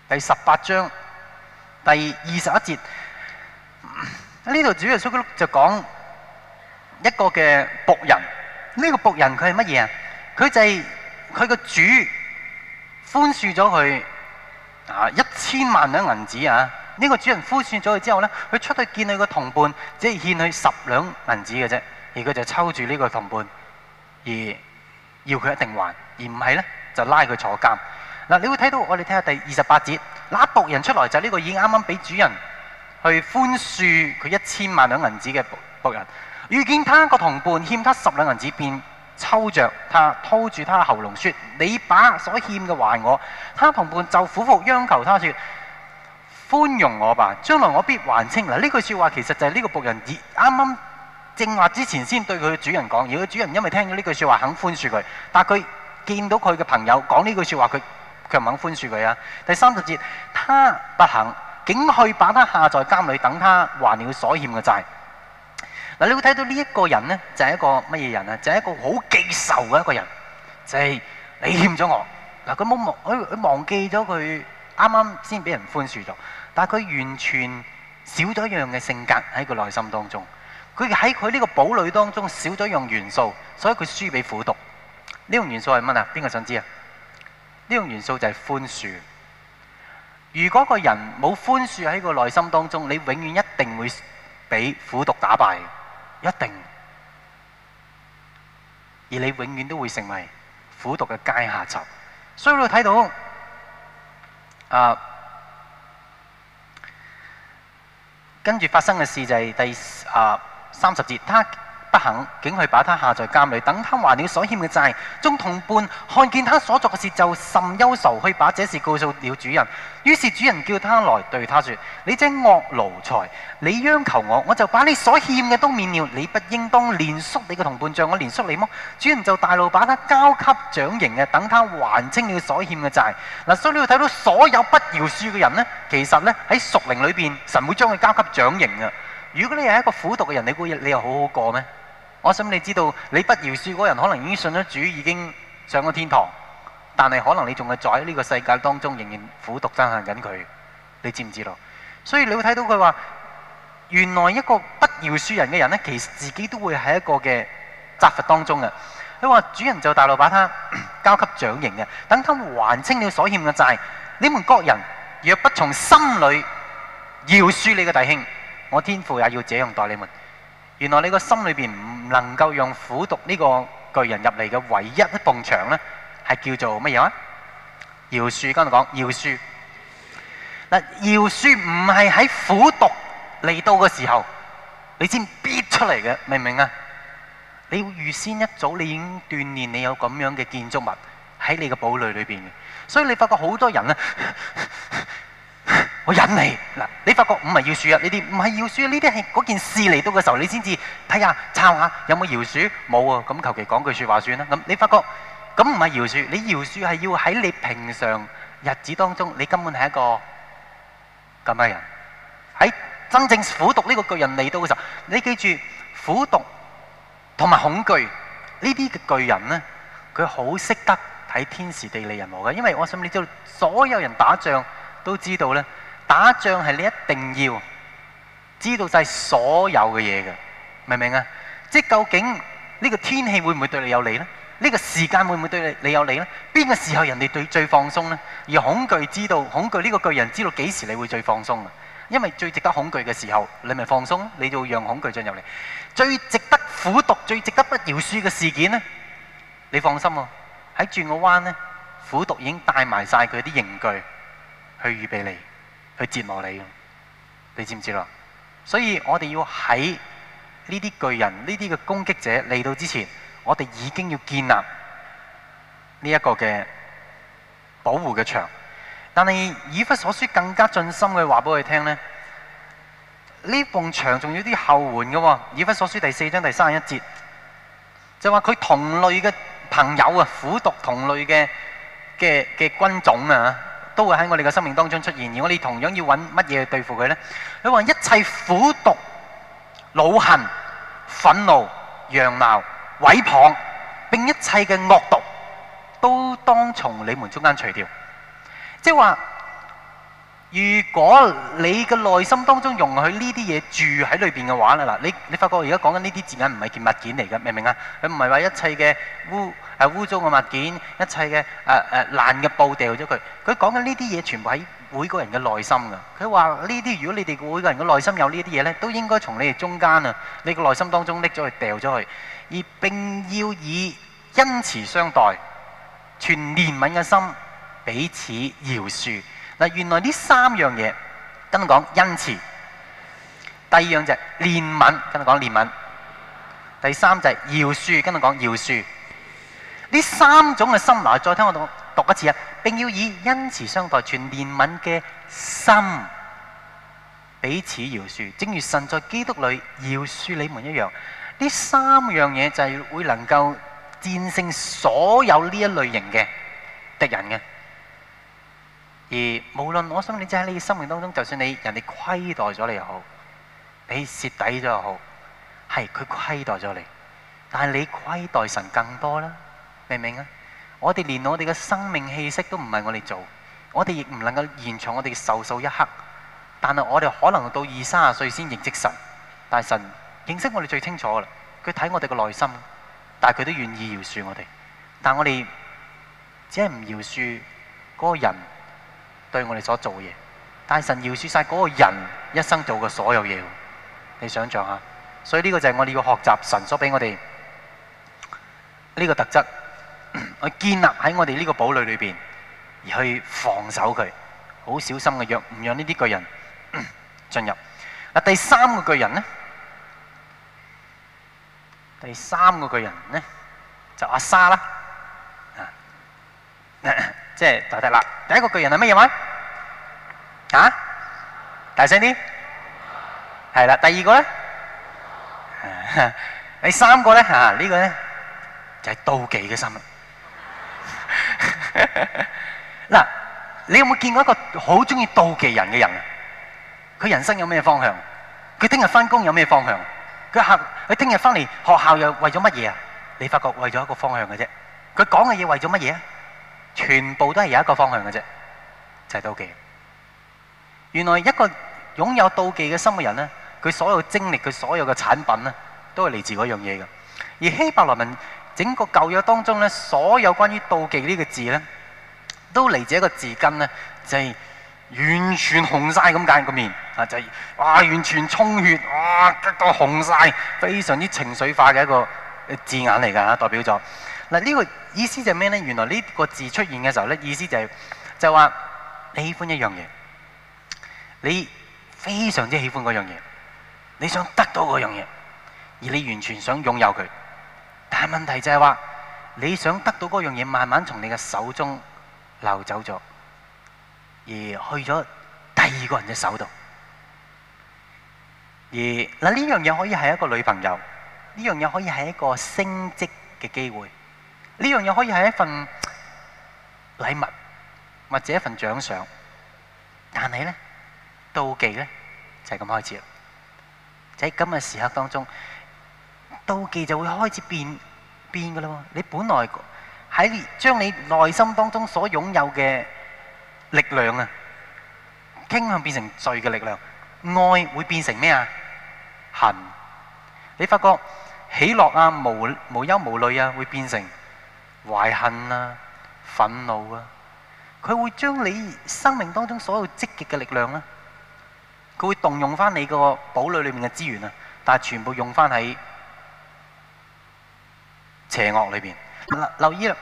第十八章第二十一節。呢度主要《出谷就講一個嘅僕人，呢、這個僕人佢係乜嘢啊？佢就係佢嘅主寬恕咗佢一千萬兩銀子。呢、呢個主人寬恕咗佢之後呢，佢出去見佢個同伴，只係欠佢十兩銀子嘅啫，而佢就抽住呢個同伴，而要佢一定還，而唔係呢，就拉佢坐監。嗱，你會睇到，我哋睇下第二十八節，那僕人出來，就呢、呢個已經啱啱俾主人去寬恕佢一千萬兩銀子嘅僕人，遇見他個同伴欠他十兩銀子，便抽着他，掏住他嘅喉嚨，說：你把所欠嘅還我。他同伴就苦苦央求他說。寬容我吧，將來我必還清。嗱，呢句說話其實就係呢個僕人，剛剛剛人，而啱啱正話之前先對佢嘅主人講。而佢主人因為聽到呢句說話，肯寬恕佢。但係佢見到佢嘅朋友講呢句說話，佢佢唔肯寬恕佢啊。第三十節，他不肯，竟去把他下在監裏，等他還了所欠嘅債。嗱，你會睇到呢一個人呢，就係一個乜嘢人啊？就係一個好記仇嘅一個人。就係你欠咗我，嗱，佢冇忘，佢佢忘記咗佢啱啱先俾人寬恕咗。但係佢完全少咗一樣嘅性格喺個內心當中，佢喺佢呢個堡壘當中少咗一樣元素，所以佢輸俾苦毒。呢樣元素係乜啊？邊個想知啊？呢樣元素就係寬恕。如果個人冇寬恕喺個內心當中，你永遠一定會俾苦毒打敗，一定。而你永遠都會成為苦毒嘅階下囚。所以我睇到啊。跟住發生嘅事就係第啊三十節，他。不肯，竟去把他下在監裏，等他還了所欠嘅債。眾同伴看見他所作嘅事，就甚憂愁，去把這事告訴了主人。於是主人叫他來，對他說：你這惡奴才，你央求我，我就把你所欠嘅都免了。你不應當憐恤你嘅同伴像我憐恤你麼？主人就大怒，把他交給掌刑嘅，等他還清了所欠嘅債。嗱、啊，所以你要睇到所有不饒恕嘅人呢。其實呢，喺屬靈裏邊，神會將佢交給掌刑嘅。如果你係一個苦毒嘅人，你估你又好好過咩？我想你知道，你不饒恕嗰人可能已經信咗主，已經上咗天堂，但係可能你仲係在呢個世界當中，仍然苦毒爭行緊佢。你知唔知道？所以你會睇到佢話，原來一個不饒恕人嘅人呢，其實自己都會喺一個嘅責罰當中嘅。佢話，主人就大怒把他 <coughs> 交給掌刑嘅，等他還清了所欠嘅債。你們各人若不從心裏饒恕你嘅弟兄，我天父也要這樣待你們。原來你個心裏邊唔能夠用苦毒呢個巨人入嚟嘅唯一一埲牆咧，係叫做乜嘢啊？饒恕，頭先講饒恕，嗱饒恕唔係喺苦毒嚟到嘅時候，你先逼出嚟嘅，明唔明啊？你預先一早你已經鍛鍊，你有咁樣嘅建築物喺你嘅堡壘裏邊嘅，所以你發覺好多人咧。我忍你嗱，你發覺唔係饒恕啊呢啲，唔係饒恕啊呢啲係嗰件事嚟到嘅時候，你先至睇下查下有冇饒恕，冇喎，咁求其講句説話算啦。咁你發覺咁唔係饒恕，你饒恕係要喺你平常日子當中，你根本係一個咁嘅人。喺真正苦毒呢個巨人嚟到嘅時候，你記住苦毒同埋恐懼呢啲嘅巨人呢，佢好識得睇天時地利人和嘅，因為我想你知道所有人打仗都知道咧。打仗係你一定要知道晒所有嘅嘢嘅，明唔明啊？即究竟呢個天氣會唔會對你有利呢？呢個時間會唔會對你你有利呢？邊個時候人哋對最放鬆呢？而恐懼知道恐懼呢個巨人知道幾時你會最放鬆啊？因為最值得恐懼嘅時候，你咪放鬆，你就讓恐懼進入嚟。最值得苦毒、最值得不饒恕嘅事件呢？你放心喎，喺轉個彎呢，苦毒已經帶埋晒佢啲刑具去預備你。去折磨你，你知唔知啦？所以我哋要喺呢啲巨人、呢啲嘅攻擊者嚟到之前，我哋已經要建立呢一個嘅保護嘅牆。但係以弗所書更加盡心去話，俾佢聽咧，呢埲牆仲有啲後援嘅喎。以弗所書第四章第三十一節就話佢同類嘅朋友啊，苦毒同類嘅嘅嘅軍種啊。都會喺我哋嘅生命當中出現，而我哋同樣要揾乜嘢去對付佢呢？佢話一切苦毒、惱恨、憤怒、嚷鬧、毀謗，並一切嘅惡毒，都當從你們中間除掉，即係話。如果你嘅內心當中容許呢啲嘢住喺裏邊嘅話啦，嗱，你你發覺我而家講緊呢啲字眼唔係件物件嚟嘅，明唔明啊？佢唔係話一切嘅污誒污糟嘅物件，一切嘅誒誒爛嘅布掉咗佢。佢講緊呢啲嘢全部喺每個人嘅內心㗎。佢話呢啲，如果你哋每個人嘅內心有呢啲嘢咧，都應該從你哋中間啊，你嘅內心當中拎咗去掉咗去，而並要以恩慈相待，存憐憫嘅心彼此饒恕。嗱，原來呢三樣嘢，跟我講恩慈；第二樣就係憐憫，跟我講憐憫；第三就係饒恕，跟我講饒恕。呢三種嘅心，來再聽我讀讀一次啊！並要以恩慈相待，存憐憫嘅心彼此饒恕，正如神在基督裏饒恕你們一樣。呢三樣嘢就係會能夠戰勝所有呢一類型嘅敵人嘅。而無論我想，在你即係你生命當中，就算你人哋虧待咗你又好，你蝕底咗又好，係佢虧待咗你，但係你虧待神更多啦，明唔明啊？我哋連我哋嘅生命氣息都唔係我哋做，我哋亦唔能夠延長我哋嘅壽數一刻，但係我哋可能到二三十歲先認識神，但係神認識我哋最清楚啦，佢睇我哋嘅內心，但係佢都願意饒恕我哋，但我哋只係唔饒恕嗰個人。對我哋所做嘅嘢，但係神饒恕晒嗰個人一生做嘅所有嘢，你想象下。所以呢個就係我哋要學習神所俾我哋呢個特質，去 <coughs> 建立喺我哋呢個堡壘裏邊，而去防守佢，好小心嘅讓唔讓呢啲巨人 <coughs> 進入。嗱，第三個巨人呢？第三個巨人呢？就阿沙啦。 <coughs> 即係就得啦。第一個巨人係乜嘢話？嚇，大聲啲。係啦，第二個咧，第三個咧，嚇，呢個咧就係妒忌嘅心。嗱，你有冇見過一個好中意妒忌人嘅人？佢人生有咩方向？佢聽日翻工有咩方向？佢嚇，佢聽日翻嚟學校又為咗乜嘢啊？你發覺為咗一個方向嘅啫。佢講嘅嘢為咗乜嘢啊？全部都係有一個方向嘅啫，就係、是、妒忌。原來一個擁有妒忌嘅心嘅人呢，佢所有精力、佢所有嘅產品呢，都係嚟自嗰樣嘢嘅。而希伯來文整個舊約當中呢，所有關於妒忌呢個字呢，都嚟自一個字根呢，就係、是、完全紅晒」咁曬個面啊！就是、哇，完全充血哇，激到紅晒」，非常之情緒化嘅一個字眼嚟㗎，代表咗。嗱、這、呢個意思就係咩呢？原來呢個字出現嘅時候呢，意思就係、是、就話、是、你喜歡一樣嘢，你非常之喜歡嗰樣嘢，你想得到嗰樣嘢，而你完全想擁有佢。但係問題就係話，你想得到嗰樣嘢，慢慢從你嘅手中流走咗，而去咗第二個人嘅手度。而嗱呢樣嘢可以係一個女朋友，呢樣嘢可以係一個升職嘅機會。呢樣嘢可以係一份禮物，或者一份獎賞，但係咧妒忌咧就係咁開始啦。喺今日時刻當中，妒忌就會開始變變噶咯。你本來喺將你內心當中所擁有嘅力量啊，傾向變成罪嘅力量，愛會變成咩啊？恨，你發覺喜樂啊、無無憂無慮啊，會變成。懷恨啊，憤怒啊，佢會將你生命當中所有積極嘅力量啊，佢會動用翻你個堡壘裏面嘅資源啊，但係全部用翻喺邪惡裏邊。留意啦，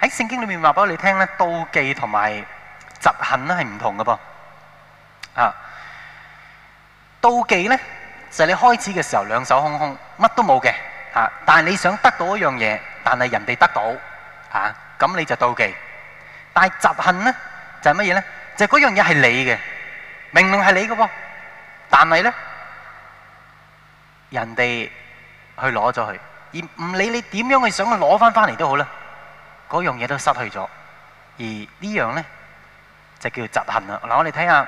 喺聖經裏面話俾我哋聽咧，妒忌同埋嫉恨係唔同嘅噃。啊，妒忌咧就係、是、你開始嘅時候兩手空空，乜都冇嘅。啊！但係你想得到一樣嘢，但係人哋得到啊，咁你就妒忌。但係嫉恨咧，就係乜嘢咧？就係嗰樣嘢係你嘅，明明係你嘅喎，但係咧，人哋去攞咗佢，而唔理你點樣去想攞翻翻嚟都好啦，嗰樣嘢都失去咗。而呢樣咧，就叫做嫉恨啦。嗱，我哋睇下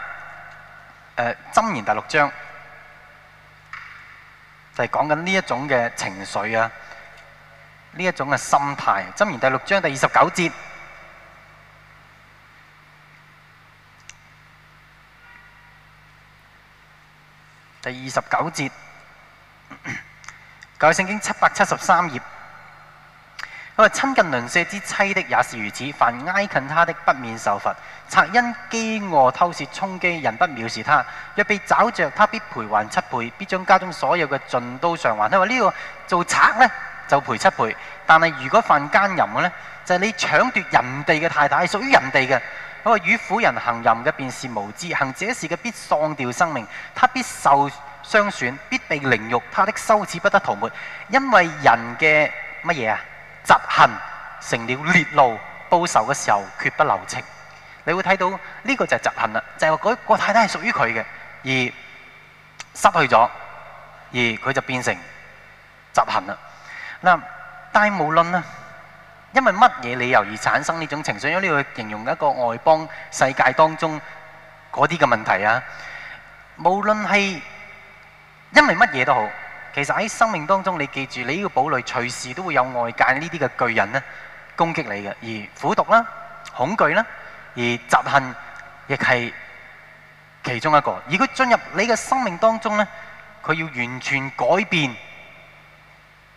誒《箴言》第六章。就係講緊呢一種嘅情緒啊，呢一種嘅心態。箴言第六章第二十九節，第二十九節，各位聖經七百七十三頁。因為親近鄰舍之妻的也是如此，凡挨近他的不免受罰。賊因飢餓偷竊充飢，人不藐視他。若被找着，他必賠還七倍，必將家中所有嘅盡都償還。因為呢個做賊呢，就賠七倍，但係如果犯奸淫嘅呢，就係、是、你搶奪人哋嘅太太係屬於人哋嘅。佢話與婦人行淫嘅便是無知，行這事嘅必喪掉生命，他必受傷損，必被凌辱，他的羞恥不得塗抹，因為人嘅乜嘢啊？嫉恨成了烈怒，報仇嘅時候絕不留情，你會睇到呢個就係嫉恨啦，就係話嗰個太太係屬於佢嘅，而失去咗，而佢就變成嫉恨啦。嗱，但係無論啊，因為乜嘢理由而產生呢種情緒，因為你形容一個外邦世界當中嗰啲嘅問題啊，無論係因為乜嘢都好。其實喺生命當中，你記住，你呢個堡壘隨時都會有外界呢啲嘅巨人攻擊你嘅，而苦毒啦、恐懼啦，而嫉恨亦係其中一個。而佢進入你嘅生命當中呢，佢要完全改變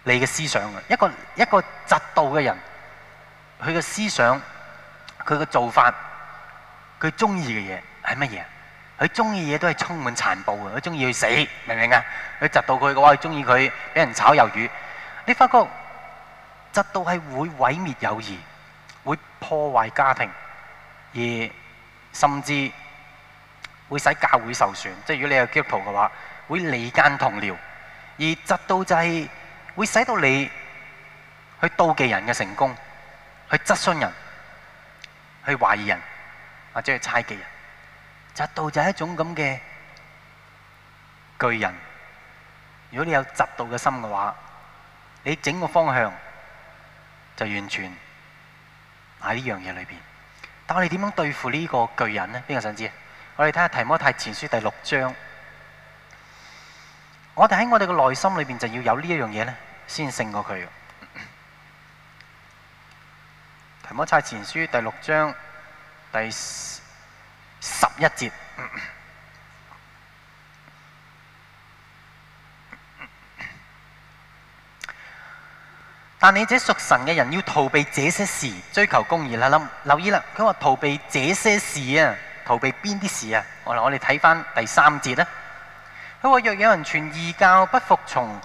你嘅思想嘅。一個一個嫉妒嘅人，佢嘅思想、佢嘅做法、佢中意嘅嘢係乜嘢？佢中意嘢都係充滿殘暴嘅，佢中意去死，明唔明啊？佢窒到佢嘅話，佢中意佢俾人炒魷魚。你發覺窒到係會毀滅友誼，會破壞家庭，而甚至會使教會受損。即係如果你有基督徒嘅話，會離間同僚，而窒到就係會使到你去妒忌人嘅成功，去質詢人，去懷疑人，或者去猜忌人。嫉妒就係一種咁嘅巨人。如果你有嫉妒嘅心嘅話，你整個方向就完全喺呢樣嘢裏邊。但我哋點樣對付呢個巨人呢？邊個想知道？我哋睇下《提摩太前書》第六章。我哋喺我哋嘅內心裏邊就要有這東西呢一樣嘢咧，先勝過佢。嗯。提摩太前書第六章第四。十一節，但你這屬神嘅人要逃避這些事，追求公義啦。諗留意啦，佢話逃避這些事啊，逃避邊啲事啊？我嚟我哋睇翻第三節啦。佢話若有人傳異教，不服從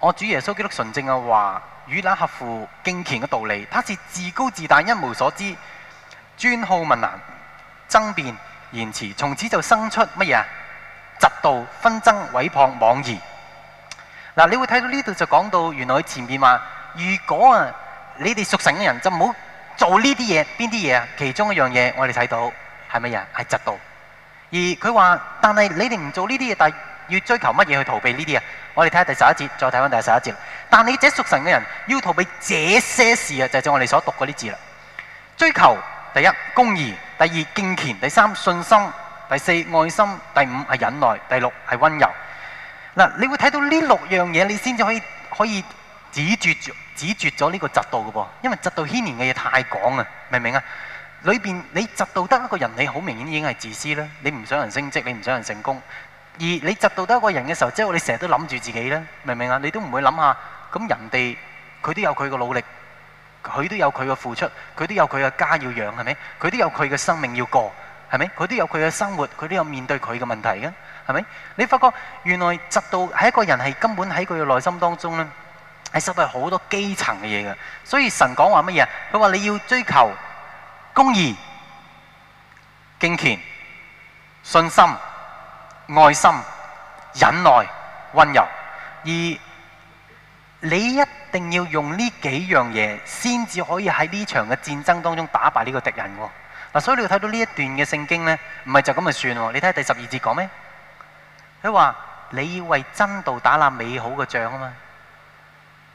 我主耶穌基督純正嘅話與那合乎敬虔嘅道理，他是自高自大，一無所知，專好問難爭辯。言詞，從此就生出乜嘢啊？嫉妒、紛爭、毀謗、妄疑。嗱、啊，你會睇到呢度就講到，原來前面話，如果啊你哋屬神嘅人就唔好做呢啲嘢，邊啲嘢啊？其中一樣嘢，我哋睇到係乜嘢啊？係嫉妒。而佢話，但係你哋唔做呢啲嘢，但係要追求乜嘢去逃避呢啲啊？我哋睇下第十一節，再睇翻第十一節。但你這屬神嘅人要逃避這些事啊，就係、是、我哋所讀嗰啲字啦，追求。第一公義，第二敬虔，第三信心，第四愛心，第五係忍耐，第六係溫柔。嗱，你會睇到呢六樣嘢，你先至可以可以止絕住止絕咗呢個嫉妒嘅噃。因為嫉妒牽連嘅嘢太廣啊，明唔明啊？裏邊你嫉妒得一個人，你好明顯已經係自私啦。你唔想人升職，你唔想人成功，而你嫉妒得一個人嘅時候，即係你成日都諗住自己啦，明唔明啊？你都唔會諗下咁人哋佢都有佢嘅努力。佢都有佢嘅付出，佢都有佢嘅家要養，係咪？佢都有佢嘅生命要過，係咪？佢都有佢嘅生活，佢都有面對佢嘅問題嘅，係咪？你發覺原來執到喺一個人係根本喺佢嘅內心當中咧，係失去好多基層嘅嘢嘅。所以神講話乜嘢啊？佢話你要追求公義、敬虔、信心、愛心、忍耐、温柔，而你一。一定要用呢幾樣嘢，先至可以喺呢場嘅戰爭當中打敗呢個敵人。嗱，所以你要睇到呢一段嘅聖經呢，唔係就咁就算你看看。你睇下第十二節講咩？佢話你要為真道打那美好嘅仗啊嘛。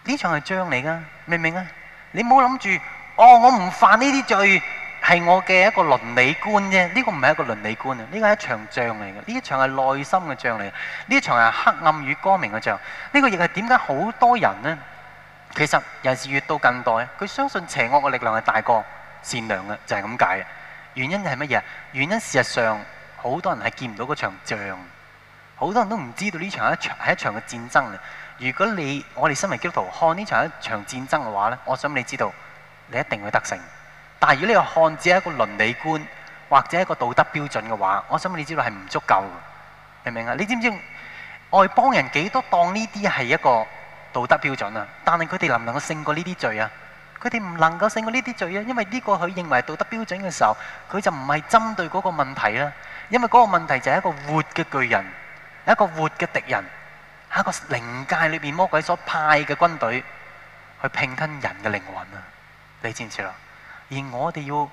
呢場係仗嚟噶，明唔明啊？你唔好諗住哦，我唔犯呢啲罪，係我嘅一個倫理觀啫。呢個唔係一個倫理觀啊，呢個係一場仗嚟嘅。呢一場係內心嘅仗嚟，呢一場係黑暗與光明嘅仗。呢個亦係點解好多人咧？其實尤其是越到近代，佢相信邪惡嘅力量係大過善良嘅，就係咁解嘅。原因係乜嘢？原因事實上好多人係見唔到嗰場仗，好多人都唔知道呢場係一場係一場嘅戰爭。如果你我哋身為基督徒看呢場係一場戰爭嘅話咧，我想你知道你一定會得勝。但係如果你看字係一個倫理觀或者一個道德標準嘅話，我想你知道係唔足夠嘅，明唔明啊？你知唔知外邦人幾多少當呢啲係一個道德標準啊！但係佢哋能唔能，能夠勝過呢啲罪啊？佢哋唔能夠勝過呢啲罪啊！因為呢個佢認為道德標準嘅時候，佢就唔係針對嗰個問題啦。因為嗰個問題就係一個活嘅巨人，一個活嘅敵人，係一個靈界裏面魔鬼所派嘅軍隊去拼吞人嘅靈魂啊！你知唔知啦？而我哋要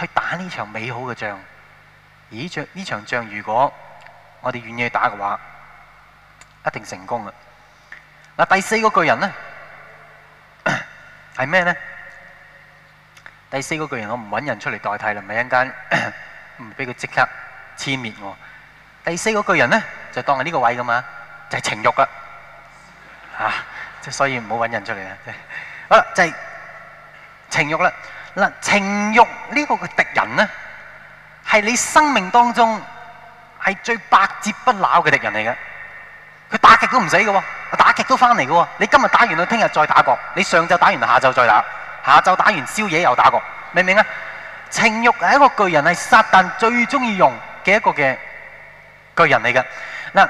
去打呢場美好嘅仗，而呢場呢場仗，如果我哋願意去打嘅話，一定成功啊！第四個巨人呢 <coughs> 是係咩呢？第四個巨人我唔揾人出嚟代替了不咪一間唔畀佢即刻黐滅我。第四個巨人呢，就當係呢個位置嘛，就係、是、情慾啦， <coughs> 所以唔好揾人出嚟啦。 <coughs> 好啦，就係、是、情慾啦。情慾呢個敵敵人呢，係你生命當中係最百折不撓嘅敵人嚟嘅佢打極都唔死嘅喎，打極都翻嚟嘅喎。你今日打完，佢聽日再打過；你上晝打完，下晝再打；下晝打完，宵夜又打過。明唔明啊？情欲係一個巨人，係撒旦最中意用嘅一個嘅巨人嚟嘅。嗱，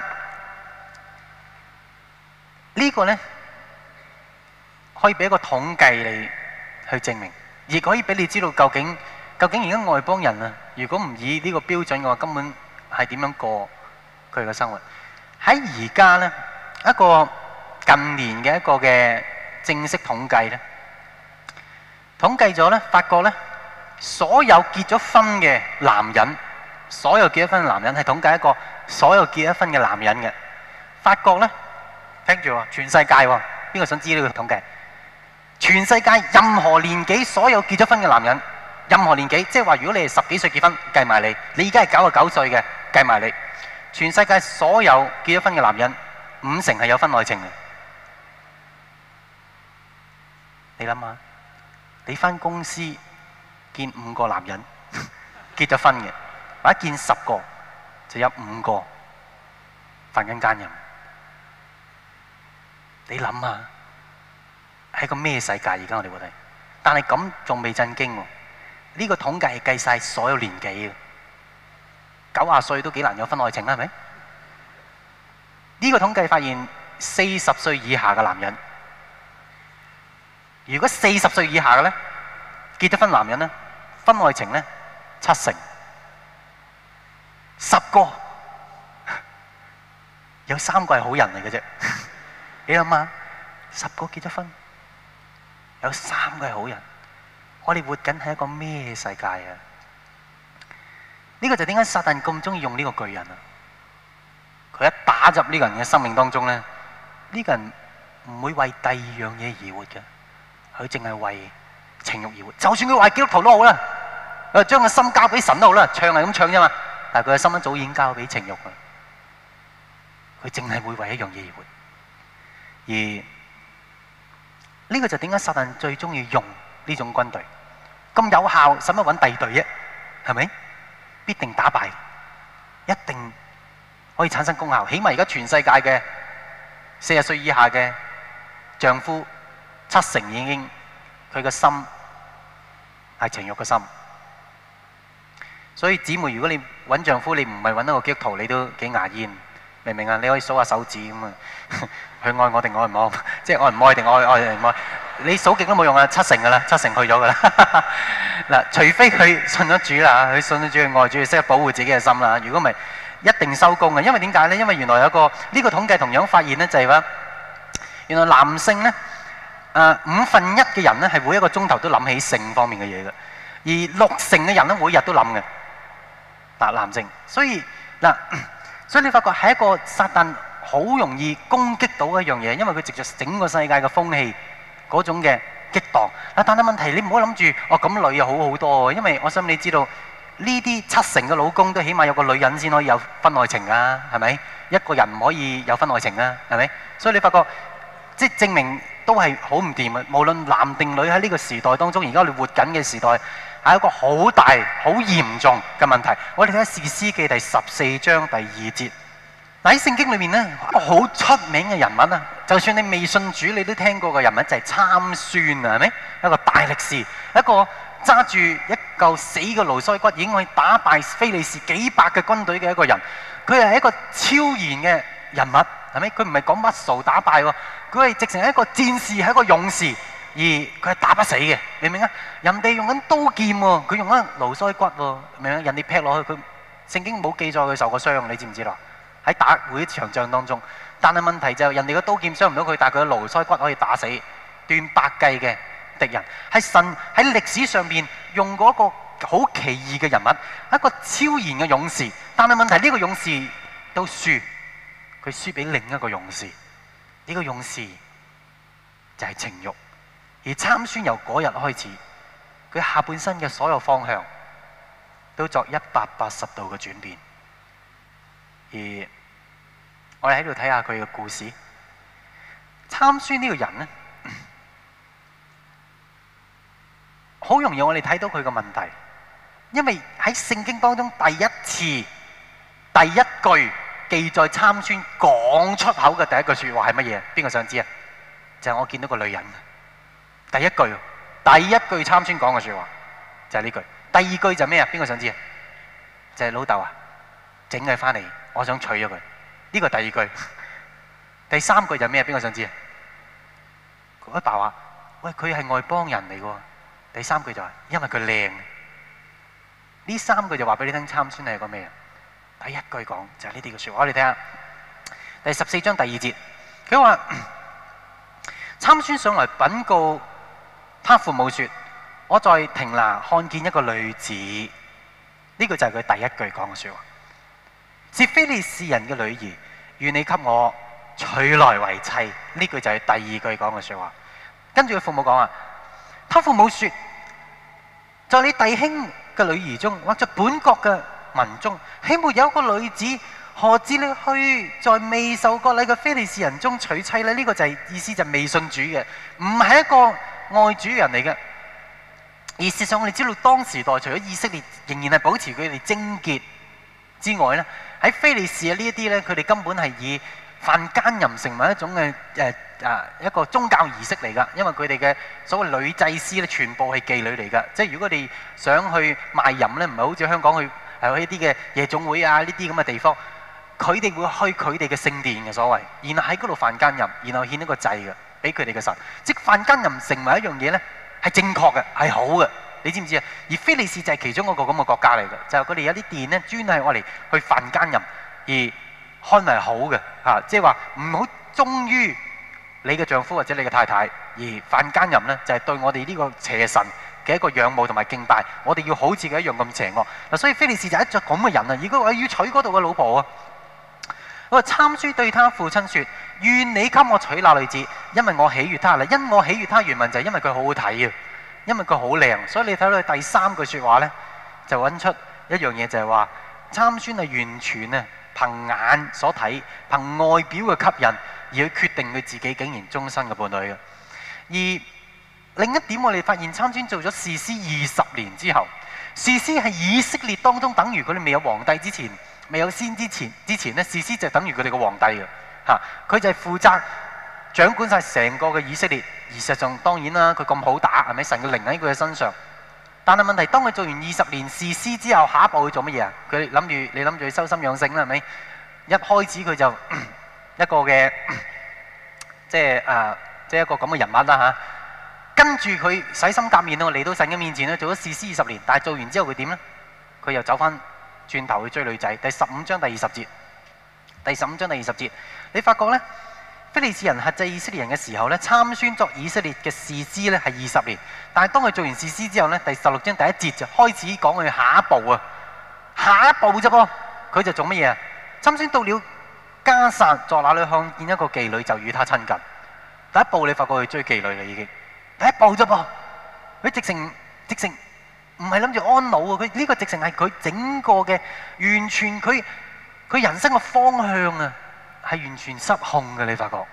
呢個呢，可以俾一個統計你去證明，亦可以俾你知道究竟究竟而家外邦人啊，如果唔以呢個標準嘅話，根本係點樣過佢嘅生活？喺而家咧，一個近年嘅一個嘅正式統計咧，統計咗咧，發覺咧，所有結咗婚嘅男人，所有結咗婚嘅男人係統計一個所有結咗婚嘅男人嘅，發覺咧，聽住喎，全世界喎，邊個想知呢個統計？全世界任何年紀，所有結咗婚嘅男人，任何年紀，即係話如果你係十幾歲結婚，計埋你，你而家係九十九歲嘅，計埋你。全世界所有結咗婚嘅男人，五成係有婚外情嘅。你諗下，你返公司見五個男人結咗婚嘅，或者見十個就有五個犯緊奸淫。你諗下，係個咩世界而家我哋活喺？但係咁仲未震驚喎，呢個統計係計曬所有年紀嘅。九十歲都幾難有婚外情啦，係咪？呢個統計發現，四十歲以下嘅男人，如果四十歲以下嘅呢，結咗婚男人呢，婚外情呢，七成，十個有三個係好人嚟嘅啫。你諗下，十個結咗婚，有三個係好人，我哋活緊係一個咩世界呀？呢個就點解撒但咁中意用呢個巨人啊？佢一打入呢個人嘅生命當中咧，呢個人唔會為第二樣嘢而活嘅，佢淨係為情欲而活。就算佢話基督徒都好啦，誒，將個心交俾神都好啦，唱係咁唱啫嘛。但係佢嘅心一早已經交俾情欲啦，佢淨係會為一樣嘢而活。而呢個就點解撒但最中意用呢種軍隊咁有效，使乜揾第二隊啫？係咪？必定打敗，一定可以產生功效。起碼而家全世界嘅四十歲以下嘅丈夫，七成已經佢個心係情欲嘅心。所以姊妹，如果你揾丈夫，你唔係揾到個基督徒，你都幾牙煙，明唔明啊？你可以數下手指咁啊！佢愛我定愛唔愛？即係愛唔愛定愛愛定愛？你數極都冇用啊！七成嘅啦，七成去咗嘅啦。嗱，除非佢信咗主啦，佢信咗主去愛主，識得保護自己嘅心啦。如果唔係，一定收工嘅。因為點解咧？因為原來有一個呢個統計同樣發現咧，就係話原來男性咧，誒五分一嘅人咧係每一個鐘頭都諗起性方面嘅嘢嘅，而六成嘅人咧每日都諗嘅。嗱，男性，所以嗱，所以你發覺係一個撒但。好容易攻擊到一樣嘢，因為佢直著整個世界嘅風氣嗰種嘅激盪。啊，但係問題你唔好諗住哦，咁女又好好多，因為我想你知道呢啲七成嘅老公都起碼有個女人先可以有婚外情㗎，係咪？一個人唔可以有婚外情啊，係咪？所以你發覺即係證明都係好唔掂啊！無論男定女喺呢個時代當中，而家你活緊嘅時代係一個好大、好嚴重嘅問題。我哋睇《士師記》第十四章第二節。喺聖經裏面呢，一個好出名嘅人物啊！就算你未信主，你都聽過嘅人物就係、是、參孫啊，係咪？一個大力士，一個揸住一嚿死嘅驢腮骨，已經可以打敗非利士幾百嘅軍隊嘅一個人。佢係一個超然嘅人物，係咪？佢唔係講乜數打敗喎，佢係直情一個戰士，係一個勇士，而佢係打不死嘅，明唔明啊？人哋用緊刀劍喎，佢用緊驢腮骨喎，明啊？人哋劈落去，佢聖經冇記載佢受過傷，你知唔知道？喺打每場仗當中，但係問題就係人哋嘅刀劍傷唔到佢，但係佢嘅驢腮骨可以打死斷百計嘅敵人。係神喺歷史上邊用過一個好奇異嘅人物，一個超然嘅勇士。但係問題，呢個勇士都輸，佢輸俾另一個勇士。呢個勇士就係情慾，而參孫由嗰日開始，佢下半身嘅所有方向都作一百八十度嘅轉變。而我哋喺度睇下佢嘅故事。參孫呢個人咧，好容易我哋睇到佢嘅問題，因為喺聖經當中第一次、第一句記載參孫講出口嘅第一句說話係乜嘢？邊個想知啊？就係我見到個女人。第一句、第一句參孫講嘅說話就係呢句。第二句就咩啊？邊個想知啊？就係老豆啊，整佢翻嚟，我想娶咗佢，呢個第二句，第三句就係咩？邊個想知啊？阿爸話，喂，佢係外邦人嚟嘅。第三句就係因為佢靚。呢三個就話俾你聽，參孫係個咩人？第一句講就係呢啲嘅説話，我哋睇下，第十四章第二節，佢話參孫上嚟禀告他父母說，我在亭拿看見一個女子，呢個就係佢第一句講嘅説話。是非利士人嘅女兒，願你給我娶來為妻。呢句就係第二句講嘅説話。跟住佢父母講啊，他父母説：在你弟兄嘅女兒中，或者本國嘅民中，希望有一個女子，何至你去在未受割禮嘅非利士人中娶妻呢？呢、這個就係、是、意思就是未信主嘅，唔係一個外主人嚟嘅。而事實上我哋知道，當時代除咗以色列仍然係保持佢哋精潔之外咧。喺非利士啊呢一啲咧，佢哋根本係以犯奸淫成為一種嘅誒、呃、啊一個宗教儀式嚟噶，因為佢哋嘅所謂女祭司咧，全部係妓女嚟噶。即係如果你想去賣淫咧，唔係好似香港去喺一啲嘅夜總會啊呢啲咁嘅地方，佢哋會去佢哋嘅聖殿嘅所謂，然後喺嗰度犯奸淫，然後獻一個祭嘅俾佢哋嘅神。即係犯奸淫成為一樣嘢咧，係正確嘅，係好嘅。你知唔知啊？而菲利士就係其中一個咁嘅國家嚟嘅，就係佢哋有啲電咧，專係攞嚟去犯奸淫，而看為好嘅嚇，即係話唔好忠於你嘅丈夫或者你嘅太太，而犯奸淫呢，就係對我哋呢個邪神嘅一個仰慕同埋敬拜。我哋要好似佢一樣咁邪惡嗱，所以菲利士就一隻咁嘅人啊！如果我要娶嗰度嘅老婆啊，我話參孫對他父親說：願你給我娶那女子，因為我喜悅她啦。因我喜悅她，原文就係因為佢好好睇嘅。因為佢好靚，所以你睇到佢第三句説話呢，就揾出一樣嘢，就係話參孫啊，係完全啊憑眼所睇，憑外表嘅吸引而去決定佢自己竟然終身嘅伴侶嘅。而另一點，我哋發現參孫做咗士師二十年之後，士師係以色列當中，等於佢哋未有皇帝之前，未有先之前，之前呢，士師就等於佢哋嘅皇帝啊，嚇佢就係負責。掌管晒成個嘅以色列，而實際上當然啦，佢咁好打，係咪？神嘅靈喺佢嘅身上。但係問題，當佢做完二十年士師之後，下一步會做乜嘢啊？佢諗住，你諗住收心養性啦，係咪？一開始佢就一個嘅，即係誒、啊，即係一個咁嘅人物啦吓。跟住佢洗心革面到嚟到神嘅面前咧，做咗士師二十年，但係做完之後佢點呢？佢又走翻轉頭去追女仔。第十五章第二十節，第十五章第二十節，你發覺呢？非利士人核制以色列人嘅時候咧，參孫作以色列嘅士師咧係二十年，但係當佢做完士師之後咧，第十六章第一節就開始講佢下一步啊，下一步啫噃，佢就做乜嘢？參孫到了迦薩，在那裏看見一個妓女，就與她親近。第一步你發覺佢追妓女啦已經，第一步啫噃，佢直情直情唔係諗住安老啊，佢呢、這個直情係佢整個嘅完全佢佢人生嘅方向啊。係完全失控嘅，你發覺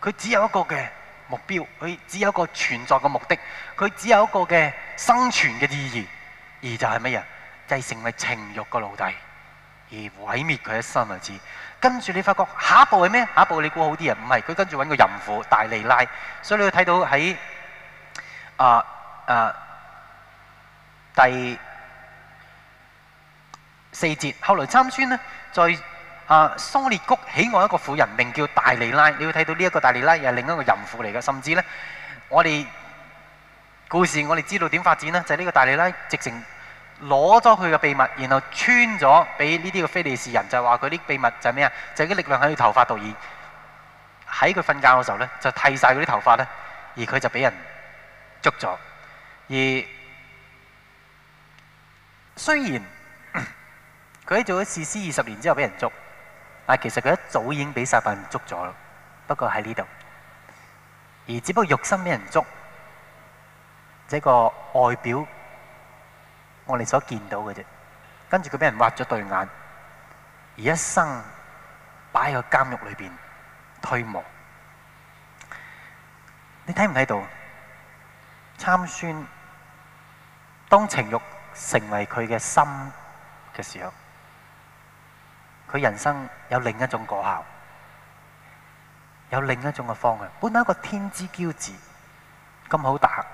佢只有一個嘅目標，佢只有一個存在嘅目的，佢只有一個嘅生存嘅意義，而就係乜嘢？就係、是、成為情欲嘅奴隸，而毀滅佢一生嘅事。跟住你發覺下一步係咩？下一步你估好啲啊？唔係，佢跟住揾個淫婦大利拉，所以你會睇到喺啊啊第四節，後來參孫呢。再。啊，梭烈谷喜愛一個婦人，名叫大利拉。你會睇到呢一個大利拉，又係另一個淫婦嚟嘅。甚至咧，我哋故事我哋知道點發展呢？就係呢個大利拉直情攞咗佢嘅秘密，然後穿咗俾呢啲嘅非利士人，就係話佢啲秘密就係咩啊？就係啲力量喺佢頭髮度，而喺佢瞓覺嘅時候咧，就剃晒佢啲頭髮咧，而佢就俾人捉咗。而雖然佢喺做咗士師二十年之後俾人捉。但其實佢一早已經俾殺犯捉咗，不過喺呢度，而只不過肉身俾人捉，這個外表我哋所見到嘅啫。跟住佢俾人挖咗對眼，而一生擺喺個監獄裏邊，推磨。你睇唔睇到？參孫當情欲成為佢嘅心嘅時候。佢人生有另一種過效，有另一種嘅方向。本嚟一個天之驕子，咁好打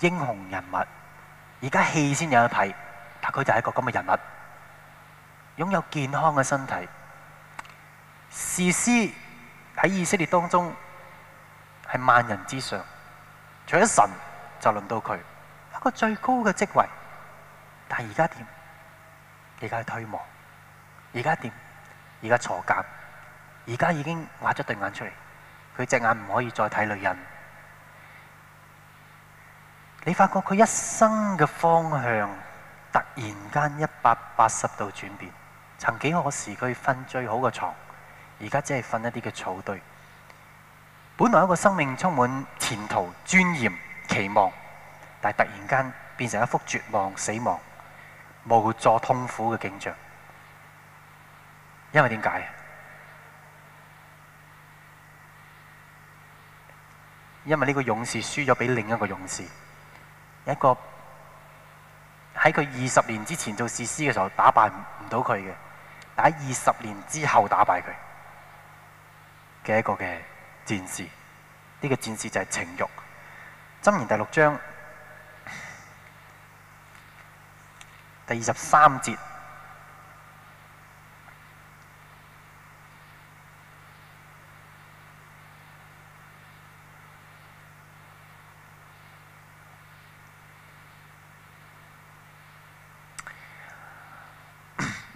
英雄人物，而家戲先有得睇，但佢就係一個咁嘅人物，擁有健康嘅身體，士師喺以色列當中係萬人之上，除咗神就輪到佢一個最高嘅職位。但而家點？而家去推磨。而家點？而家坐監，而家已經挖咗對眼出嚟，佢隻眼唔可以再睇女人。你發覺佢一生嘅方向突然間一百八十度轉變。曾幾何時佢瞓最好嘅床，而家只係瞓一啲嘅草堆。本來一個生命充滿前途、尊嚴、期望，但係突然間變成一幅絕望、死亡、無助、痛苦嘅景象。因為點解？因為呢個勇士輸咗畀另一個勇士，一個喺佢二十年之前做試師嘅時候打敗唔到佢嘅，但在二十年之後打敗佢嘅一個嘅戰士。呢、這個戰士就係情欲。箴言第六章第二十三節。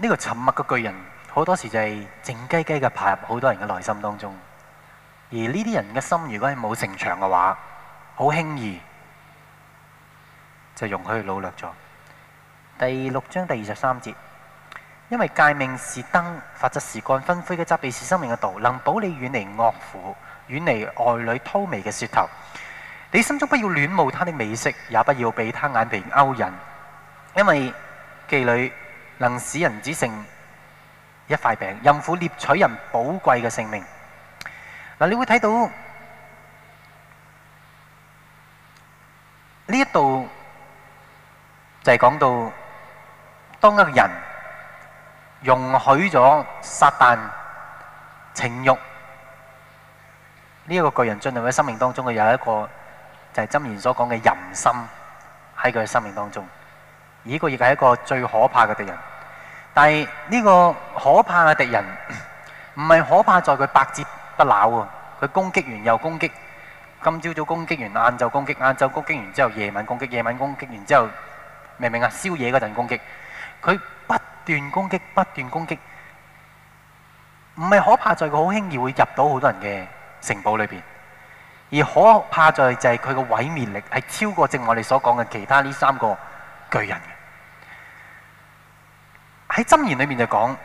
呢、這個沉默嘅巨人，好多時就係靜雞雞嘅爬入好多人嘅內心當中，而呢啲人嘅心，如果係冇城牆嘅話，好輕易就容許佢擄掠咗。第六章第二十三節，因為誡命是燈，法則是光，訓誨嘅責備是生命嘅道，能保你遠離惡婦，遠離外女諂媚嘅舌頭。你心中不要戀慕她的美色，也不要被她眼皮勾引，因為妓女，能使人只剩一塊餅，淫婦獵取人寶貴嘅性命。嗱，你會睇到呢一度就係講到當一個人容許咗撒旦情欲呢一個巨人進入佢生命當中嘅，有一個，就係箴言所講嘅人心喺佢嘅生命當中，而呢個亦係一個最可怕嘅敵人。但係呢個可怕嘅敵人，唔係可怕在佢百折不撓喎，佢攻擊完又攻擊，今朝早攻擊完，晏晝攻擊，晏晝攻擊完之後，夜晚攻擊，夜晚攻擊完之後，明唔明啊？宵夜嗰陣攻擊，佢不斷攻擊，不斷攻擊，唔係可怕在佢好輕易會入到好多人嘅城堡裏邊，而可怕在就係佢嘅毀滅力係超過正我哋所講嘅其他呢三個巨人。喺箴言裏面就講，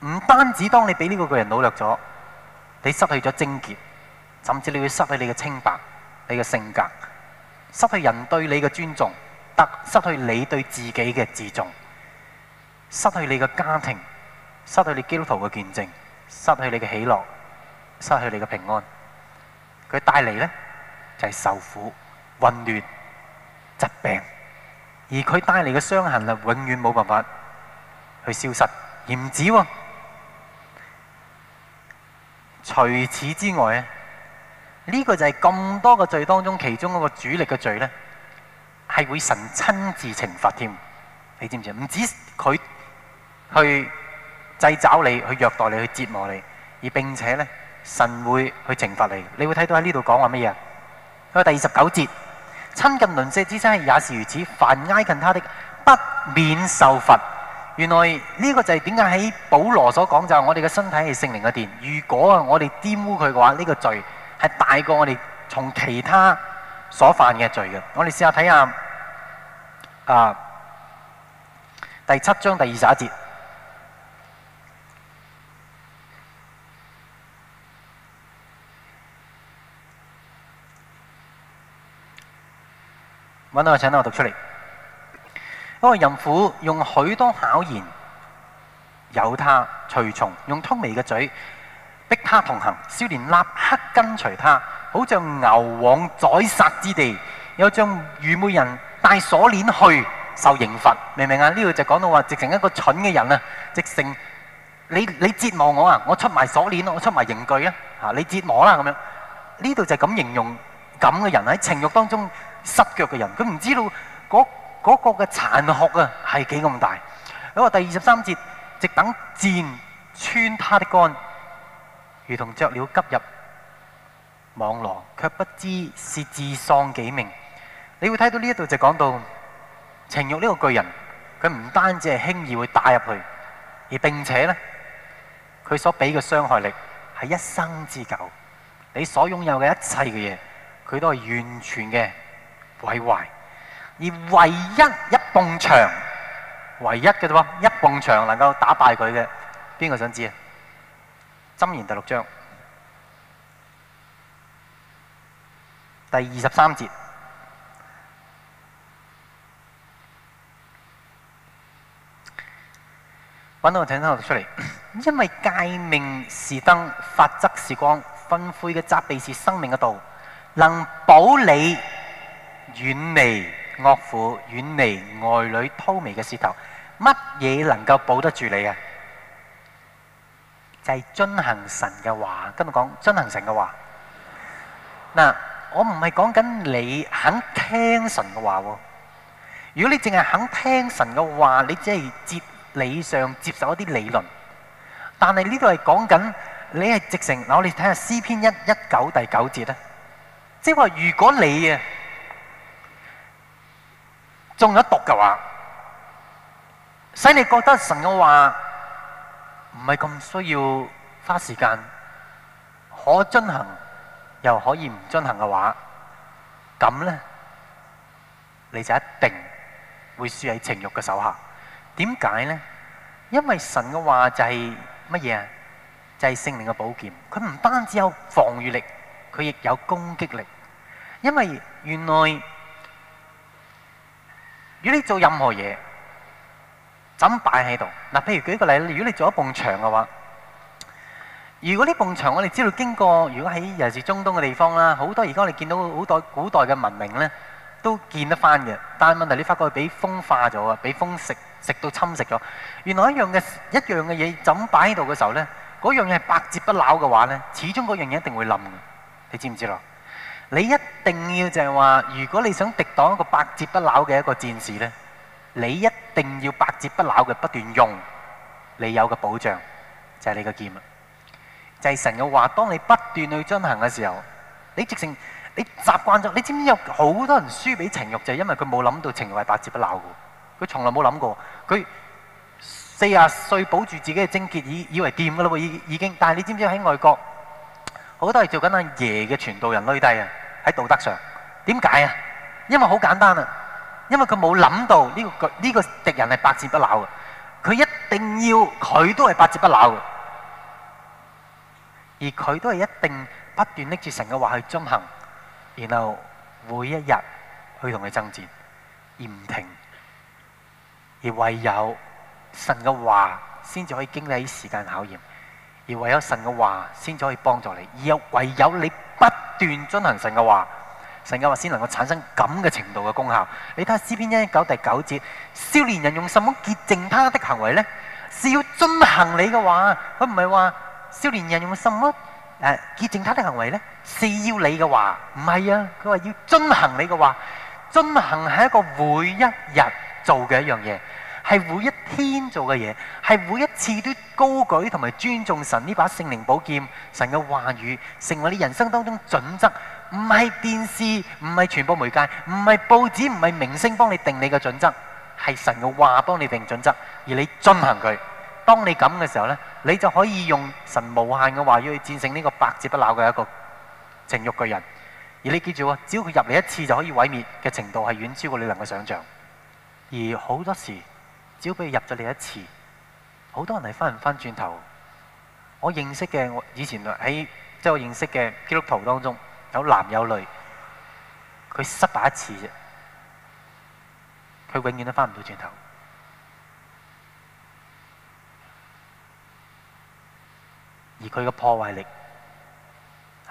唔單止當你俾呢個巨人努力咗，你失去咗貞潔，甚至你會失去你嘅清白、你嘅性格，失去人對你嘅尊重，失失去你對自己嘅自重，失去你嘅家庭，失去你基督徒嘅見證，失去你嘅喜樂，失去你嘅平安。佢帶嚟呢，就係、是、受苦、混亂、疾病。而佢帶嚟嘅傷痕咧，永遠冇辦法去消失，而唔止。除此之外咧，呢個就係咁多個罪當中其中一個主力嘅罪咧，係會神親自懲罰添。你知唔知啊？唔止佢去製找你，去虐待你，去折磨你，而並且咧，神會去懲罰你。你會睇到喺呢度講話乜嘢？因為第二十九節。親近鄰舍之妻也是如此，凡挨近他的，不免受罰。原來呢、這個就係點解喺保羅所講就係、是、我哋嘅身體係聖靈嘅殿，如果啊我哋玷污佢嘅話，呢、這個罪係大過我哋從其他所犯嘅罪嘅。我哋試，試看下睇下啊第七章第二十一節。我嗱，請我讀出嚟。因為淫婦用許多巧言誘他隨從，用通微嘅嘴逼他同行。少年立刻跟隨他，好像牛往宰殺之地，有將愚昧人帶鎖鏈去受刑罰。明唔明啊？呢度就講到話，直情一個蠢嘅人啊！直情你你折磨我啊！我出埋鎖鏈，我出埋刑具啊！吓，你折磨啦咁樣。呢度就咁形容咁嘅人喺情欲當中。失腳嘅人，佢唔知道嗰、嗰個、嗰個嘅殘酷啊係幾咁大。咁啊，第二十三節，直等箭穿他的肝，如同雀鳥急入網羅，卻不知是自喪幾名。你會睇到呢一度就講到情欲呢個巨人，佢唔單止係輕易會帶入去，而並且呢，佢所俾嘅傷害力係一生之久。你所擁有嘅一切嘅嘢，佢都係完全嘅。毀壞，而唯一一埲牆，唯一嘅啫喎，一埲牆能夠打敗佢嘅，邊個想知啊？箴言第六章第二十三節，揾到個請生我出嚟，因為誡命是燈，法則是光，訓誨嘅責備是生命嘅道，能保你，遠離惡婦，遠離外女諂媚嘅舌頭，乜嘢能夠保得住你啊？就係、是、遵行神嘅話，跟我講遵行神嘅話。嗱，我唔係講緊你肯聽神嘅話喎。如果你淨係肯聽神嘅話，你只係哲理上接受一啲理論，但係呢度係講緊你係直誠。嗱，我哋睇下詩篇一一九第九節啊，即係話如果你啊。中咗毒嘅話，使你覺得神嘅話唔係咁需要花時間，可遵行又可以唔遵行嘅話，咁呢，你就一定會輸喺情欲嘅手下。點解呢？因為神嘅話就係乜嘢啊？就係聖靈嘅寶劍。佢唔單止有防禦力，佢亦有攻擊力。因為原來。如果你做任何嘢，怎擺喺度？嗱，譬如舉一個例，如果你做了一埲牆嘅話，如果呢埲牆我哋知道經過，如果喺尤其是中東嘅地方啦，好多而家我哋見到好多古代嘅文明呢，都見得翻嘅。但係問題你發覺佢俾風化咗啊，俾風食食到侵蝕咗。原來一樣嘅一樣嘅嘢，怎擺喺度嘅時候呢？嗰樣嘢係百折不撓嘅話呢，始終嗰樣嘢一定會冧嘅。你知唔知道？你一定要就係話，如果你想敵擋一個百折不撓嘅一個戰士呢，你一定要百折不撓嘅不斷用，你有個保障就係、是、你個劍。就係、是、神嘅話，當你不斷去進行嘅時候，你直情你習慣咗。你知唔知道有好多人輸俾情慾，就係、是、因為佢冇諗到情慾係百折不撓嘅。佢從來冇諗過，佢四十歲保住自己嘅貞潔，以以為掂嘅啦喎，已已經。但係你知唔知喺外國？好多都係做緊阿爺嘅傳道人累低啊！喺道德上，點解啊？因為好簡單啊！因為佢冇諗到呢個呢個敵人係百折不撓嘅，佢一定要佢都係百折不撓嘅，而佢都係一定不斷拎住神嘅話去進行，然後每一日去同佢爭戰而唔停，而唯有神嘅話先至可以經歷時間考驗。而唯有神嘅話先至可以幫助你，而又唯有你不斷遵行神嘅話，神嘅話先能夠產生咁嘅程度嘅功效。你睇下詩篇一一九第九節，少年人用什麼潔淨他的行為呢？是要遵行你嘅話，佢唔係話少年人用什麼誒潔淨他的行為呢？是要你嘅話，唔係啊！佢話要遵行你嘅話，遵行係一個每一日做嘅一樣嘢。係每一天做嘅嘢，係每一次都高舉同埋尊重神呢把聖靈寶劍，神嘅話語成為你人生當中準則。唔係電視，唔係傳播媒介，唔係報紙，唔係明星幫你定你嘅準則，係神嘅話幫你定準則，而你進行佢。當你咁嘅時候呢，你就可以用神無限嘅話語去戰勝呢個百折不撓嘅一個情慾巨人。而你記住啊，只要佢入嚟一次就可以毀滅嘅程度係遠超過你能夠想象而好多時。只要俾佢入咗嚟一次，好多人係翻唔翻轉頭。我認識嘅，我以前喺即係我認識嘅基督徒當中，有男有女，佢失敗一次啫，佢永遠都翻唔到轉頭。而佢嘅破壞力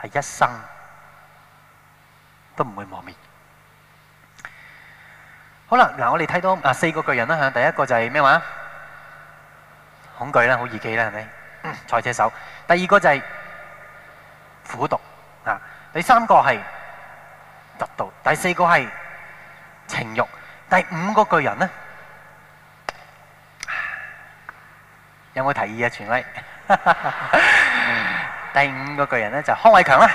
係一生都唔會磨滅。好啦，嗱，我哋睇到啊四個巨人啦，響第一個就係咩話？恐懼啦，好易記啦，係咪？賽車手。第二個就係苦毒啊，第三個係獨到，第四個係情欲，第五個巨人咧？有冇提議啊？全威，第五個巨人咧就康偉強啦。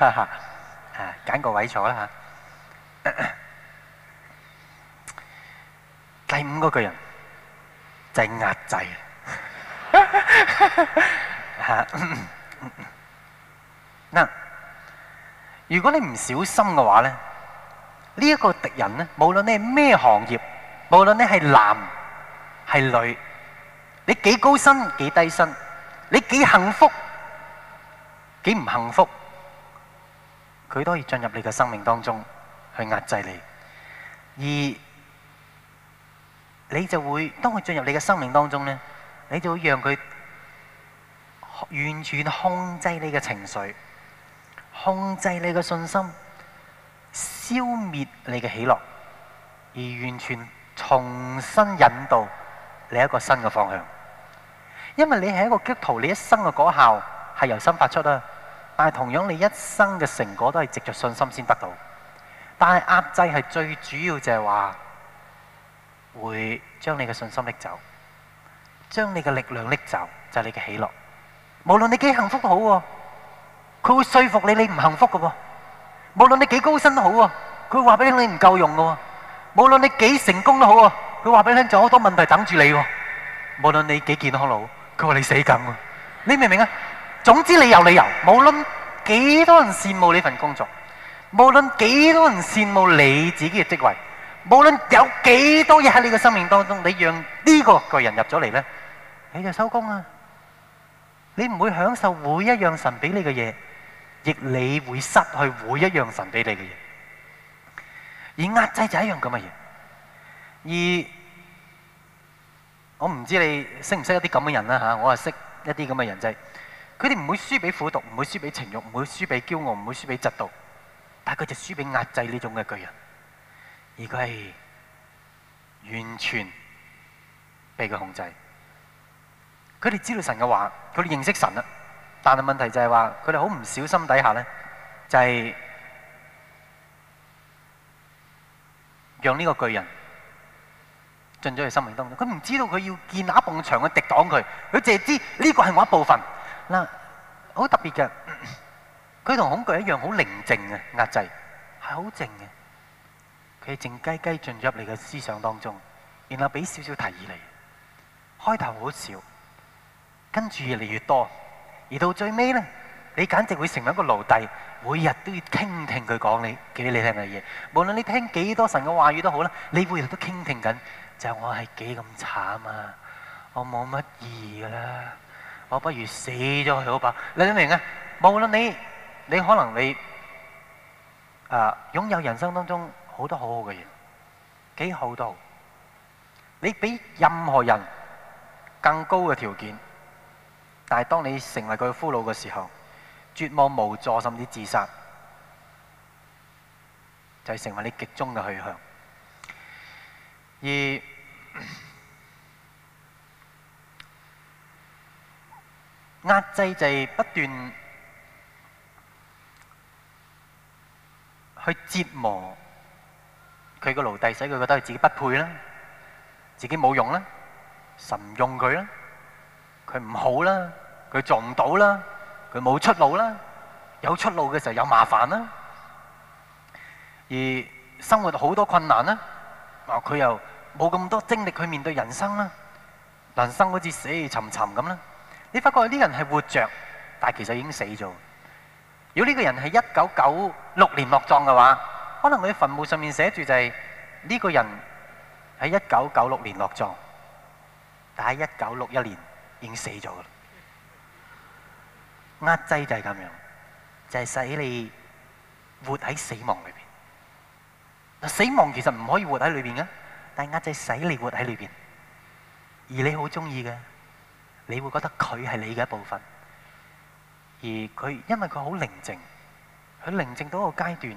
啊，揀個位坐啦吓。第五個巨人就係壓制。嗱，如果你唔小心嘅話咧，呢一個敵人咧，無論你係咩行業，無論你係男係女，你幾高薪幾低薪，你幾幸福幾唔幸福，佢都可以進入你嘅生命當中去壓制你。而你就會當佢進入你嘅生命當中呢，你就會讓佢完全控制你嘅情緒，控制你嘅信心，消滅你嘅喜樂，而完全重新引導你一個新嘅方向。因為你係一個基督徒，你一生嘅果效係由心發出啊！但係同樣你一生嘅成果都係藉着信心先得到，但係壓制係最主要的就係話，會將你嘅信心拎走，將你嘅力量拎走，就係你嘅喜樂。無論你幾幸福都好，佢會說服你你唔幸福嘅。無論你幾高薪都好，佢話俾你聽唔夠用嘅。無論你幾成功都好，佢話俾你聽仲有好多問題等住你。無論你幾健康都好，佢話你死梗。你明唔明啊？總之你有理由。無論幾多人羨慕呢份工作，無論幾多人羨慕你自己嘅職位。無論有幾多嘢喺你嘅生命當中，你讓呢個巨人入咗嚟咧，你就收工啊！你唔會享受每一樣神俾你嘅嘢，亦你會失去每一樣神俾你嘅嘢。而壓制就係一樣咁嘅嘢。而我唔知你識唔識一啲咁嘅人啦吓，我係識一啲咁嘅人，佢哋唔會輸俾苦毒，唔會輸俾情欲，唔會輸俾驕傲，唔會輸俾嫉妒，但係佢就輸俾壓制呢種嘅巨人。而佢係完全被佢控制。佢哋知道神嘅話，佢哋認識神啊。但係問題就係、是、話，佢哋好唔小心底下咧，就係、是、讓呢個巨人進咗去生命當中。佢唔知道佢要建下一埲牆去抵擋佢。佢淨係知呢個係我一部分。嗱，好特別嘅，佢同恐懼一樣，好寧靜嘅壓制，係好靜嘅。佢靜雞雞進入你嘅思想當中，然後俾少少提議你。開頭好少，跟住越嚟越多，而到最尾呢，你簡直會成為一個奴隸，每日都要傾聽佢講你，記你聽聽嘅嘢。無論你聽幾多神嘅話語都好啦，你每日都傾聽緊，就係，我係幾咁慘啊！我冇乜意義㗎啦，我不如死咗佢好吧？你明唔明啊？無論你，你可能你啊，擁有人生當中。好多好好嘅嘢，幾好都好。你比任何人更高嘅條件，但係當你成為佢嘅俘虜嘅時候，絕望無助，甚至自殺，就係、是、成為你極終嘅去向。而、嗯、壓制就係不斷去折磨。佢個奴隸使佢覺得自己不配啦，自己冇用啦，神用佢啦，佢唔好啦，佢做唔到啦，佢冇出路啦，有出路嘅時候有麻煩啦，而生活好多困難啦，啊佢又冇咁多精力去面對人生啦，人生好似死氣沉沉咁啦，你發覺有啲人係活着，但係其實已經死咗。如果呢個人係一九九六年落葬嘅話，可能佢墳墓上面寫住就係呢個人喺一九九六年落葬，但喺一九六一年已經死咗啦。壓制就係咁樣，就係使你活喺死亡裏邊。死亡其實唔可以活喺裏邊嘅，但係壓制使你活喺裏邊。而你好中意嘅，你會覺得佢係你嘅一部分。而佢因為佢好寧靜，佢寧靜到一個階段。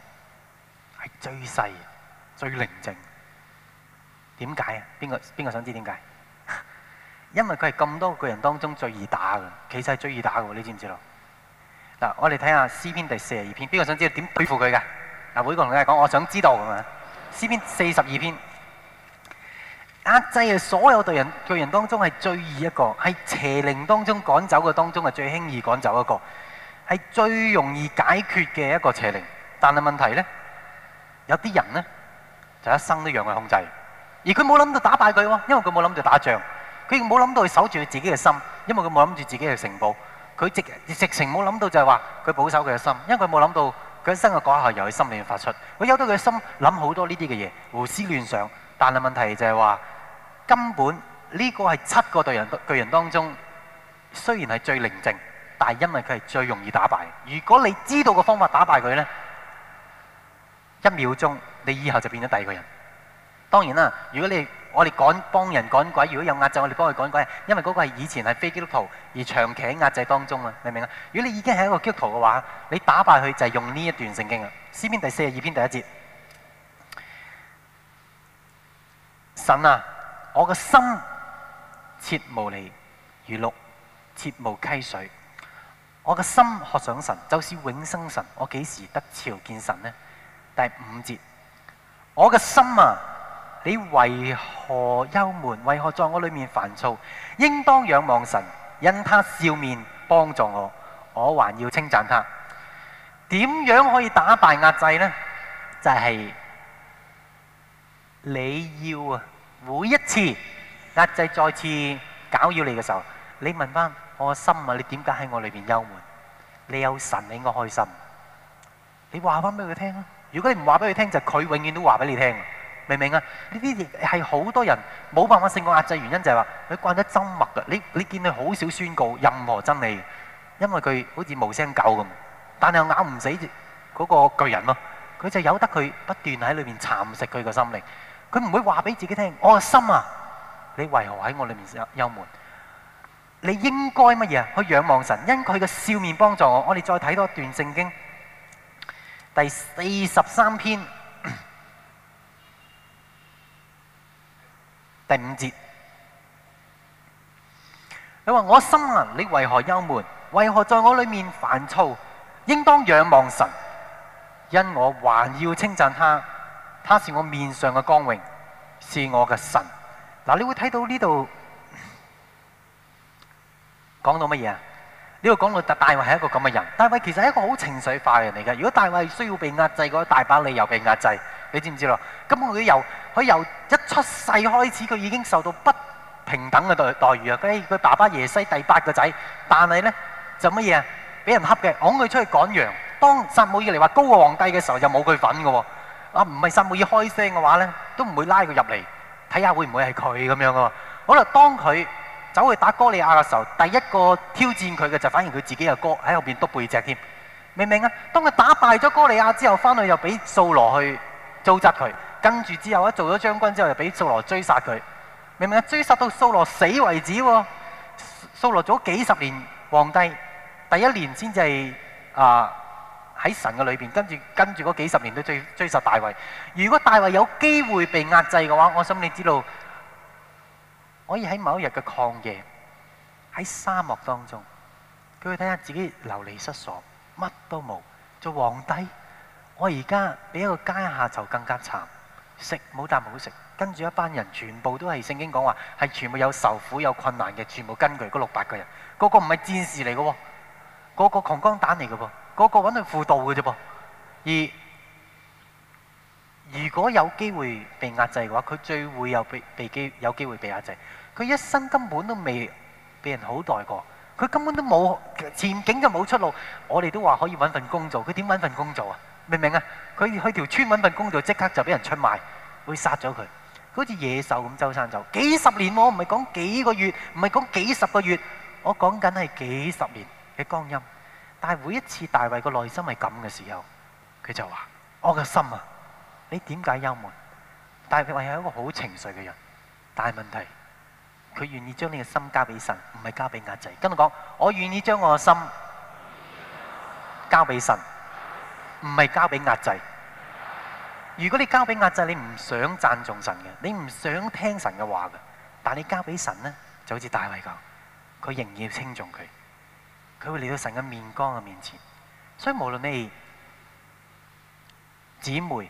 係最細、最寧靜。點解啊？邊個邊個想知點解？因為佢係咁多巨人當中最易打嘅，其實係最易打嘅，你知唔知道？嗱，我哋睇下詩篇第四十二篇，邊個想知道點對付佢嘅？嗱，每個人講，我想知道啊！詩篇四十二篇，壓制係所有巨人、巨人當中係最易一個，係邪靈當中趕走嘅當中係最輕易趕走一個，係最容易解決嘅一個邪靈。但係問題呢？有啲人呢，就一生都讓佢控制，而佢冇諗到打敗佢喎，因為佢冇諗住打仗，佢亦冇諗到去守住佢自己嘅心，因為佢冇諗住自己嘅城堡，佢直直情冇諗到就係話佢保守佢嘅心，因為佢冇諗到佢一生嘅果效由佢心裏面發出，佢由到佢嘅心諗好多呢啲嘅嘢，胡思亂想，但係問題就係話根本呢、這個係七個對人巨人當中，雖然係最寧靜，但係因為佢係最容易打敗。如果你知道個方法打敗佢呢？一秒鐘，你以後就變咗第二個人。當然啦，如果你我哋趕幫人趕鬼，如果有壓制，我哋幫佢趕鬼，因為嗰個係以前係非基督徒，而長期喺壓制當中啊，明唔明啊？如果你已經係一個基督徒嘅話，你打敗佢就係用呢一段聖經，《詩篇》第四十二篇第一節：神啊，我嘅心切慕你，如鹿切慕溪水。我嘅心渴想神，就是永生神。我幾時得朝見神呢？第五節，我嘅心啊，你為何憂悶？為何在我裏面煩躁？應當仰望神，因他笑面幫助我，我還要稱讚他。點樣可以打敗壓制呢？就係你要啊，每一次壓制再次搞擾你嘅時候，你問翻我心啊，你點解喺我裏面憂悶？你有神，你應該開心。你話翻俾佢聽啊。」如果你唔話俾佢聽，就佢永遠都話俾你聽，明唔明啊？呢啲係好多人冇辦法勝過壓制原因，就係話佢慣咗沉默噶。你你見佢好少宣告任何真理，因為佢好似無聲狗咁，但又咬唔死嗰個巨人咯。佢就由得佢不斷喺裏面蠶食佢個心靈，佢唔會話俾自己聽：我個心啊，你為何喺我裏面幽幽悶？你應該乜嘢啊？去仰望神，因佢嘅笑面幫助我。我哋再睇多一段聖經。第四十三篇 <coughs> 第五節，你話我心哪，你為何憂悶？為何在我裏面煩躁？應當仰望神，因我還要稱讚他，他是我面上嘅光榮，是我嘅神。嗱，你會睇到呢度講到乜嘢？呢個講到大衛係一個咁嘅人，大衛其實係一個好情緒化嘅人嚟嘅。如果大衛需要被壓制，嗰大把理由被壓制，你知唔知咯？咁佢由佢由一出世開始，佢已經受到不平等嘅待待遇啊！誒，佢爸爸耶西第八個仔，但係咧就乜嘢啊？俾人恰嘅，拱佢出去趕羊。當撒母耳嚟話高過皇帝嘅時候，就冇佢份嘅喎。啊，唔係撒母耳開聲嘅話咧，都唔會拉佢入嚟睇下會唔會係佢咁樣喎。好啦，當佢走去打哥利亞嘅時候，第一個挑戰佢嘅就反而佢自己個哥喺後邊督背脊添，明唔明啊？當佢打敗咗哥利亞之後，翻去又俾掃羅去糟質佢，跟住之後做咗將軍之後又俾掃羅追殺佢，明唔明啊？追殺到掃羅死為止喎，掃羅做咗幾十年皇帝，第一年先至係啊喺神嘅裏邊，跟住跟住嗰幾十年都追追殺大衛。如果大衛有機會被壓制嘅話，我諗你知道。可以喺某一日嘅曠野，喺沙漠當中，佢去睇下自己流離失所，乜都冇。做皇帝，我而家比一個階下囚更加慘，食冇啖好食。跟住一班人全部都係聖經講話係全部有受苦有困難嘅，全部跟佢嗰六百個人，個個唔係戰士嚟嘅，個個窮光蛋嚟嘅，個個揾個佢輔導嘅啫。而如果有機會被壓制嘅話，佢最會有被被機有機會被壓制。佢一生根本都未俾人好待過，佢根本都冇前景就冇出路。我哋都話可以揾份工做，佢點揾份工做啊？明唔明啊？佢去條村揾份工做，即刻就俾人出賣，會殺咗佢，好似野獸咁周身走。幾十年喎，我唔係講幾個月，唔係講幾十個月，我講緊係幾十年嘅光陰。但係每一次大衛個內心係咁嘅時候，佢就話：我個心啊，你點解憂悶？大衛係一個好情緒嘅人，但係問題。佢願意將你嘅心交俾神，唔係交俾壓制。跟我講：我願意將我嘅心交俾神，唔係交俾壓制。如果你交俾壓制，你唔想讚頌神嘅，你唔想聽神嘅話嘅。但你交俾神咧，就好似大衛咁，佢仍然要稱頌佢，佢會嚟到神嘅面光嘅面前。所以無論你姊妹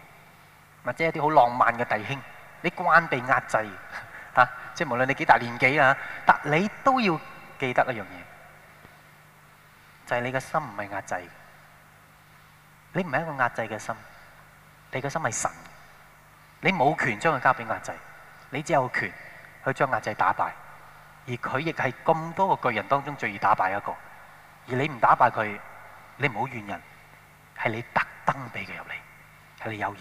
或者一啲好浪漫嘅弟兄，你關被壓制。即係無論你幾大年紀啊，但你都要記得一樣嘢，就係、是、你嘅心唔係壓制嘅，你唔係一個壓制嘅心，你嘅心係神，你冇權將佢交俾壓制，你只有權去將壓制打敗，而佢亦係咁多個巨人當中最易打敗的一個，而你唔打敗佢，你唔好怨人，係你特登俾佢入嚟，係你有意。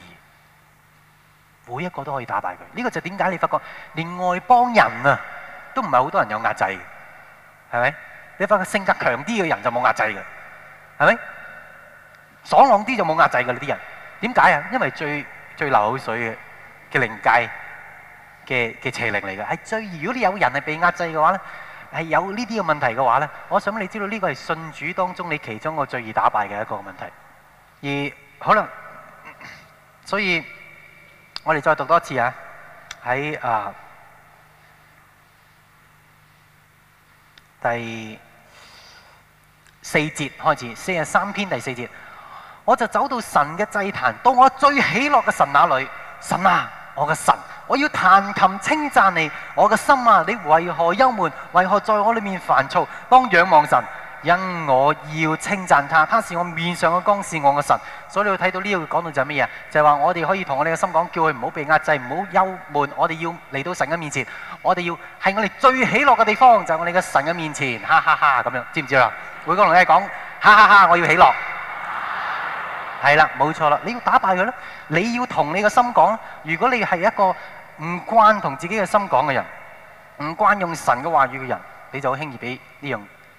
每一個都可以打敗佢，呢個就點解？你發覺連外邦人啊，都唔係好多人有壓制嘅，係咪？你發覺性格強啲嘅人就冇壓制嘅，係咪？爽朗啲就冇壓制嘅呢啲人，點解啊？因為最最流口水嘅嘅靈界嘅嘅邪靈嚟嘅，係最。如果你有人係被壓制嘅話咧，係有呢啲嘅問題嘅話咧，我想你知道呢個係信主當中你其中個最易打敗嘅一個問題，而可能所以。我哋再讀多次啊！喺啊、呃、第四節開始，四十三篇第四節，我就走到神嘅祭壇，到我最喜樂嘅神那裏。神啊，我嘅神，我要彈琴稱讚你。我嘅心啊，你為何憂悶？為何在我裏面煩躁？當仰望神。因我要稱讚他，他是我面上嘅光，是我嘅神，所以你會睇到呢個講到就係咩嘢？就係話我哋可以同我哋嘅心講，叫佢唔好被壓制，唔好憂悶。我哋要嚟到神嘅面前，我哋要喺我哋最喜樂嘅地方，就係我哋嘅神嘅面前，哈哈哈咁樣，知唔知啦？每個同你講，哈，哈哈哈，我要喜樂。係 <laughs> 啦，冇錯啦，你要打敗佢咧，你要同你嘅心講。如果你係一個唔慣同自己嘅心講嘅人，唔慣用神嘅話語嘅人，你就好輕易俾呢樣。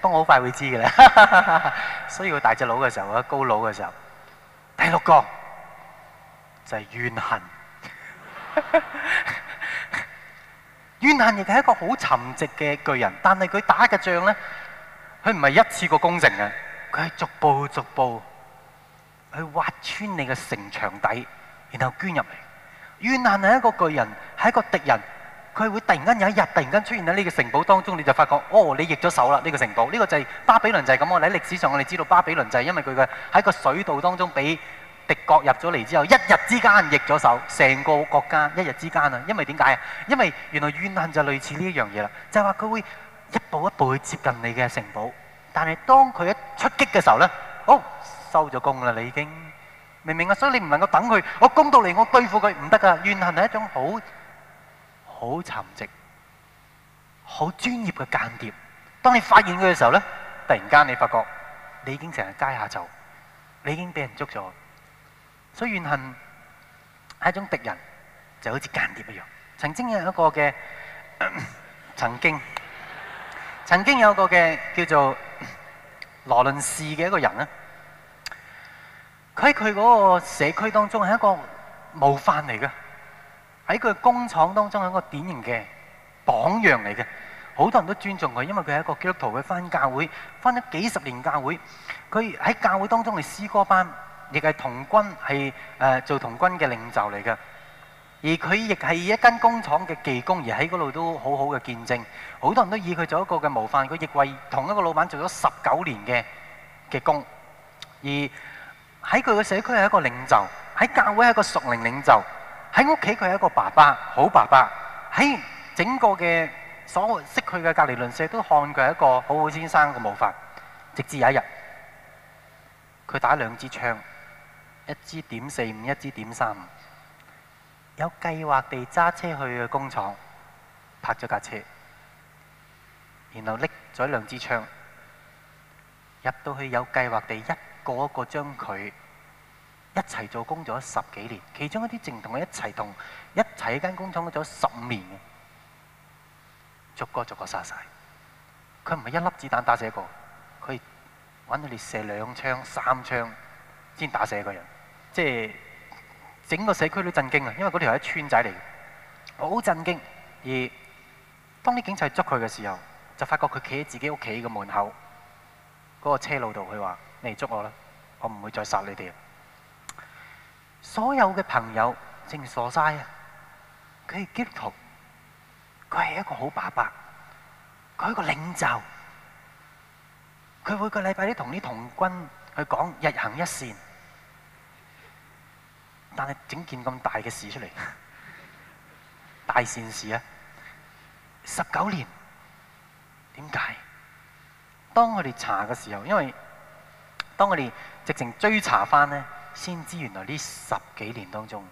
不過我好快會知嘅啦，所以佢大隻佬嘅時候，或者高佬嘅時候，第六個就係怨恨。怨恨亦係一個好沉寂嘅巨人，但係佢打嘅仗咧，佢唔係一次過攻城嘅，佢係逐步逐步去挖穿你嘅城牆底，然後捐入嚟。怨恨係一個巨人，係一個敵人。佢會突然間有一日，突然間出現喺呢個城堡當中，你就發覺，哦，你逆咗手啦！呢個城堡，呢個就係巴比倫就係咁。我喺歷史上，我哋知道巴比倫就係因為佢嘅喺個水道當中俾敵國入咗嚟之後，一日之間逆咗手，成個國家一日之間啊！因為點解啊？因為原來怨恨就類似呢一樣嘢啦，就係話佢會一步一步去接近你嘅城堡，但係當佢一出擊嘅時候呢，哦，收咗工啦，你已經明唔明啊？所以你唔能夠等佢，我攻到嚟，我對付佢唔得噶。怨恨係一種好，好沉寂，好專業嘅間諜。當你發現佢嘅時候咧，突然間你發覺你已經成日街下走，你已經俾人捉咗。所以怨恨係一種敵人，就好似間諜一樣。曾經有一個嘅，曾經曾經有一個嘅叫做羅倫士嘅一個人咧，佢喺佢嗰個社區當中係一個模範嚟嘅。喺佢工廠當中，係一個典型嘅榜樣嚟嘅。好多人都尊重佢，因為佢係一個基督徒，佢返教會返咗幾十年教會。佢喺教會當中係詩歌班，亦係童軍係誒做童軍嘅領袖嚟嘅。而佢亦係一間工廠嘅技工，而喺嗰度都好好嘅見證。好多人都以佢做一個嘅模範。佢亦為同一個老闆做咗十九年嘅嘅工。而喺佢嘅社區係一個領袖，喺教會係個屬靈領袖。喺屋企佢係一個爸爸，好爸爸。喺整個嘅所識佢嘅隔離鄰舍都看佢係一個好好先生嘅模範。直至有一日，佢打兩支槍，一支點四五，一支點三五，有計劃地揸車去嘅工廠，泊咗架車，然後拎咗兩支槍入到去，有計劃地一個一個將佢。一齊做工咗十幾年，其中一啲正同佢一齊同一齊喺間工廠咗十五年嘅，逐個逐個殺晒，佢唔係一粒子彈打死一個，佢搵到你射兩槍三槍先打死一個人，即係整個社區都震驚啊！因為嗰條友係村仔嚟，好震驚。而當啲警察捉佢嘅時候，就發覺佢企喺自己屋企嘅門口嗰個車路度，佢話：你嚟捉我啦，我唔會再殺你哋。所有嘅朋友正傻晒！啊，佢係基督徒，佢係一個好爸爸，佢係一個領袖。佢每個禮拜都同啲童軍去講日行一善，但係整件咁大嘅事出嚟，大善事啊！十九年，點解？當我哋查嘅時候，因為當我哋直情追查翻呢。先知原來呢十幾年當中，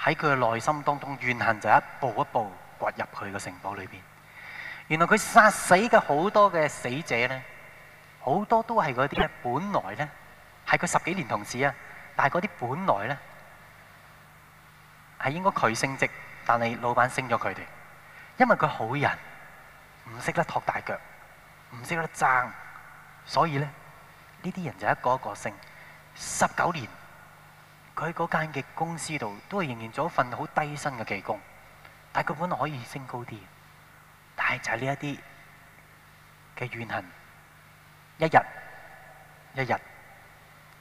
喺佢嘅內心當中怨恨就一步一步掘入佢嘅城堡裏邊。原來佢殺死嘅好多嘅死者咧，好多都係嗰啲咧，本來咧係佢十幾年同事啊，但係嗰啲本來咧係應該佢升職，但係老闆升咗佢哋，因為佢好人，唔識得托大腳，唔識得爭，所以咧呢啲人就一個一個升。十九年，佢喺嗰間嘅公司度都係仍然做一份好低薪嘅技工，但係佢本來可以升高啲，但係就係呢一啲嘅怨恨，一日一日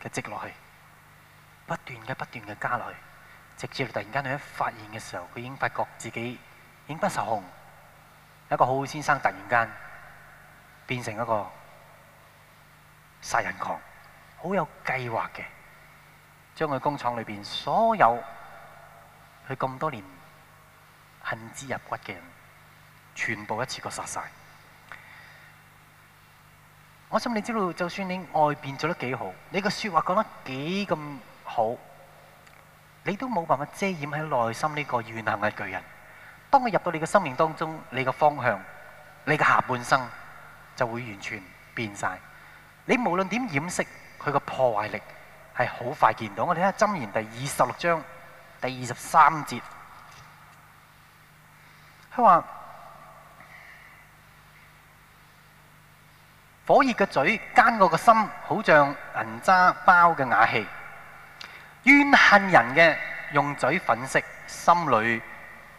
嘅積落去，不斷嘅不斷嘅加落去，直至到突然間佢喺發現嘅時候，佢已經發覺自己已經不受控，一個好好先生突然間變成一個殺人狂。好有計劃嘅，將佢工廠裏面所有佢咁多年恨之入骨嘅人，全部一次過殺晒。我想你知道，就算你外邊做得幾好，你個說話講得幾咁好，你都冇辦法遮掩喺內心呢個怨恨嘅巨人。當你入到你嘅生命當中，你嘅方向、你嘅下半生就會完全變晒。你無論點掩飾。佢個破壞力係好快見到我們看。我哋睇下《箴言》第二十六章第二十三節，佢話： <noise> 火熱嘅嘴，奸惡嘅心，好像銀渣包嘅瓦器；怨恨人嘅，用嘴粉飾，心裏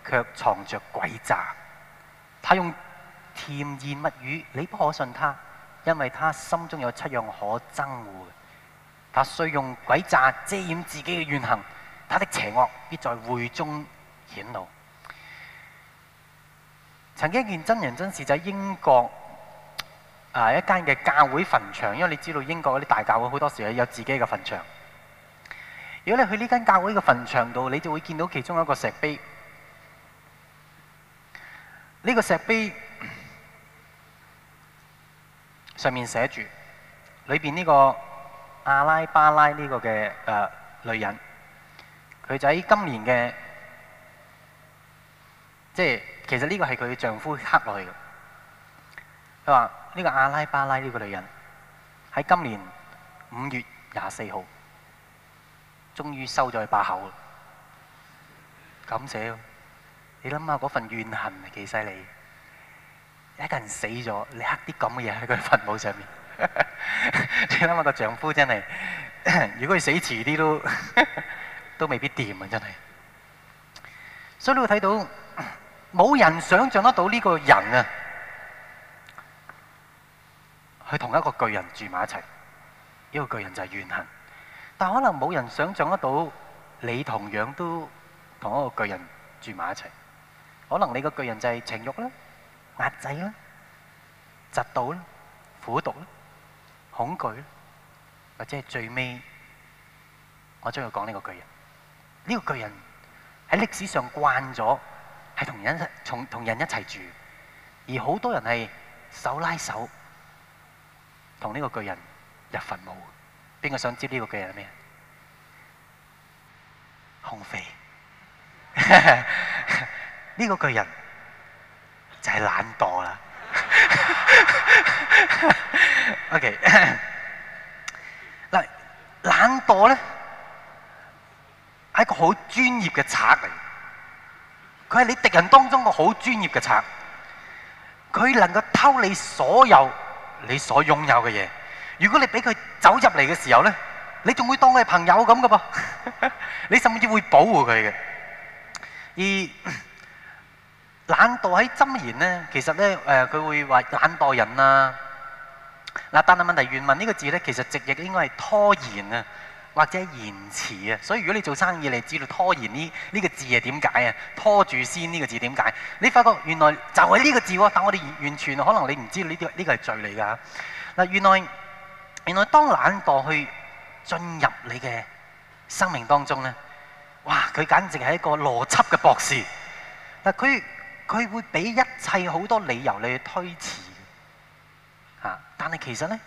卻藏着詭詐。他用甜言蜜語，你不可信他。因為他心中有七樣可憎惡嘅，他需用詭詐遮掩自己嘅怨恨，他的邪惡必在會中顯露。曾經一件真人真事，就喺英國啊一間嘅教會墳場，因為你知道英國嗰啲大教會好多時候有自己嘅墳場。如果你去呢間教會嘅墳場度，你就會見到其中一個石碑，呢、這個石碑。上面寫住，裏邊呢個阿拉巴拉呢個嘅誒女人，佢就喺今年嘅，即係其實呢個係佢嘅丈夫刻落去嘅。佢話呢個阿拉巴拉呢個女人喺今年五月廿四號，終於收咗佢把口啦。咁寫，你諗下嗰份怨恨係幾犀利？一個人死咗，你刻啲咁嘅嘢喺佢墳墓上面。你諗下個丈夫真係，如果佢死遲啲都都未必掂啊！真係。所以你會睇到，冇人想像得到呢個人啊，係同一個巨人住埋一齊。呢個巨人就係怨恨，但可能冇人想像得到你同樣都同一個巨人住埋一齊。可能你個巨人就係情慾啦。壓制啦，窒到啦，苦毒啦，恐懼啦，或者係最尾，我將要講呢個巨人。呢、呢個巨人喺歷史上慣咗係同人一，同人一齊住，而好多人係手拉手同呢個巨人入墳墓。邊個想知呢個巨人係咩？洪肥，呢 <laughs> 個巨人。就係懶惰啦。OK，嗱，懶惰咧係一個好專業嘅賊嚟，佢係你敵人當中個好專業嘅賊，佢能夠偷你所有你所擁有嘅嘢。如果你俾佢走入嚟嘅時候咧，你仲會當佢係朋友咁嘅噃，你甚至會保護佢嘅。而懶惰喺箴言咧，其實咧誒，佢、呃、會話懶惰人啊！嗱，但係問題，原文呢、呢個字咧，其實直譯應該係拖延啊，或者延遲啊。所以如果你做生意你知道拖延呢呢、呢個字係點解啊？拖住先呢個字點解？你發覺原來就係呢個字喎、啊，但我哋完全可能你唔知呢啲呢個係、呢個、罪嚟㗎。嗱，原來原來當懶惰去進入你嘅生命當中咧，哇！佢簡直係一個邏輯嘅博士。嗱，佢。佢會俾一切好多理由你去推遲，嚇！但係其實咧，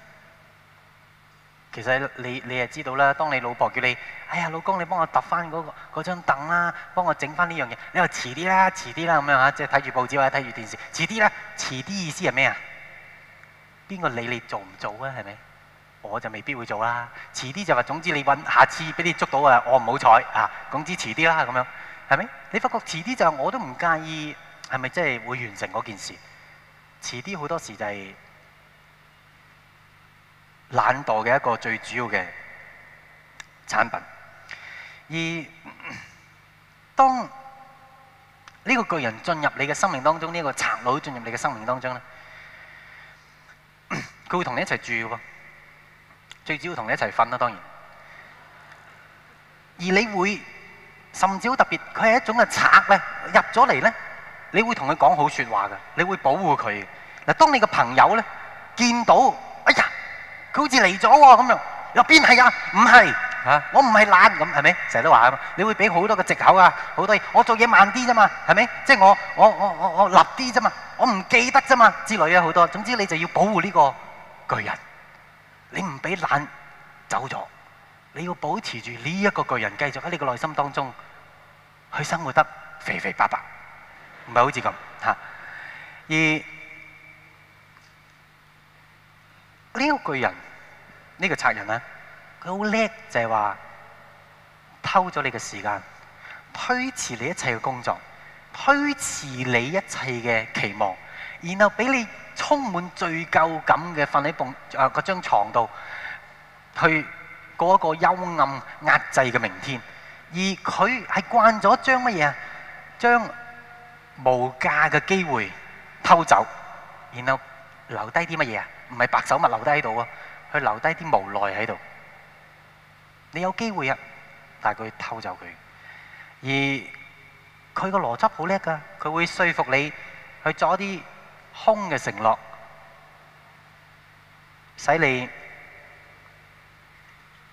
其實你你係知道啦。當你老婆叫你，哎呀，老公你幫我揼翻嗰個張凳啦，幫我整翻呢樣嘢，你話遲啲啦，遲啲啦咁樣嚇，即係睇住報紙或者睇住電視，遲啲啦，遲啲意思係咩啊？邊個理你，你做唔做啊？係咪？我就未必會做啦。遲啲就話總之你揾下次俾你捉到啊，我唔好彩啊。總之遲啲啦咁樣，係咪？你發覺遲啲就我都唔介意。係咪真係會完成嗰件事？遲啲好多時就係懶惰嘅一個最主要嘅產品。而當呢個巨人進入你嘅生命當中，呢個賊佬進入你嘅生命當中咧，佢會同你一齊住喎，最主要同你一齊瞓啦。當然，而你會甚至好特別，佢係一種嘅賊咧，入咗嚟咧。你會同佢講好説話嘅，你會保護佢嗱，當你個朋友咧見到，哎呀，佢好似嚟咗喎，咁樣，你話邊係啊？唔係嚇，我唔係懶咁，係咪？成日都話啊，你會俾好多個藉口啊，好多嘢。我做嘢慢啲啫嘛，係咪？即係我我我我我立啲啫嘛，我唔記得啫嘛，之類啊好多。總之你就要保護呢個巨人，你唔俾懶走咗，你要保持住呢一個巨人繼續喺你個內心當中去生活得肥肥白白。唔係好似咁嚇，而呢個巨人呢、呢個賊人咧，佢好叻就係話偷咗你嘅時間，推遲你一切嘅工作，推遲你一切嘅期望，然後俾你充滿罪疚感嘅瞓喺牀啊嗰張牀度去過一個幽暗壓制嘅明天，而佢係慣咗將乜嘢啊？將無價嘅機會偷走，然後留低啲乜嘢啊？唔係白手物留低喺度啊，佢留低啲無奈喺度。你有機會啊，但係佢會偷走佢。而佢個邏輯好叻㗎，佢會説服你去做一啲空嘅承諾，使你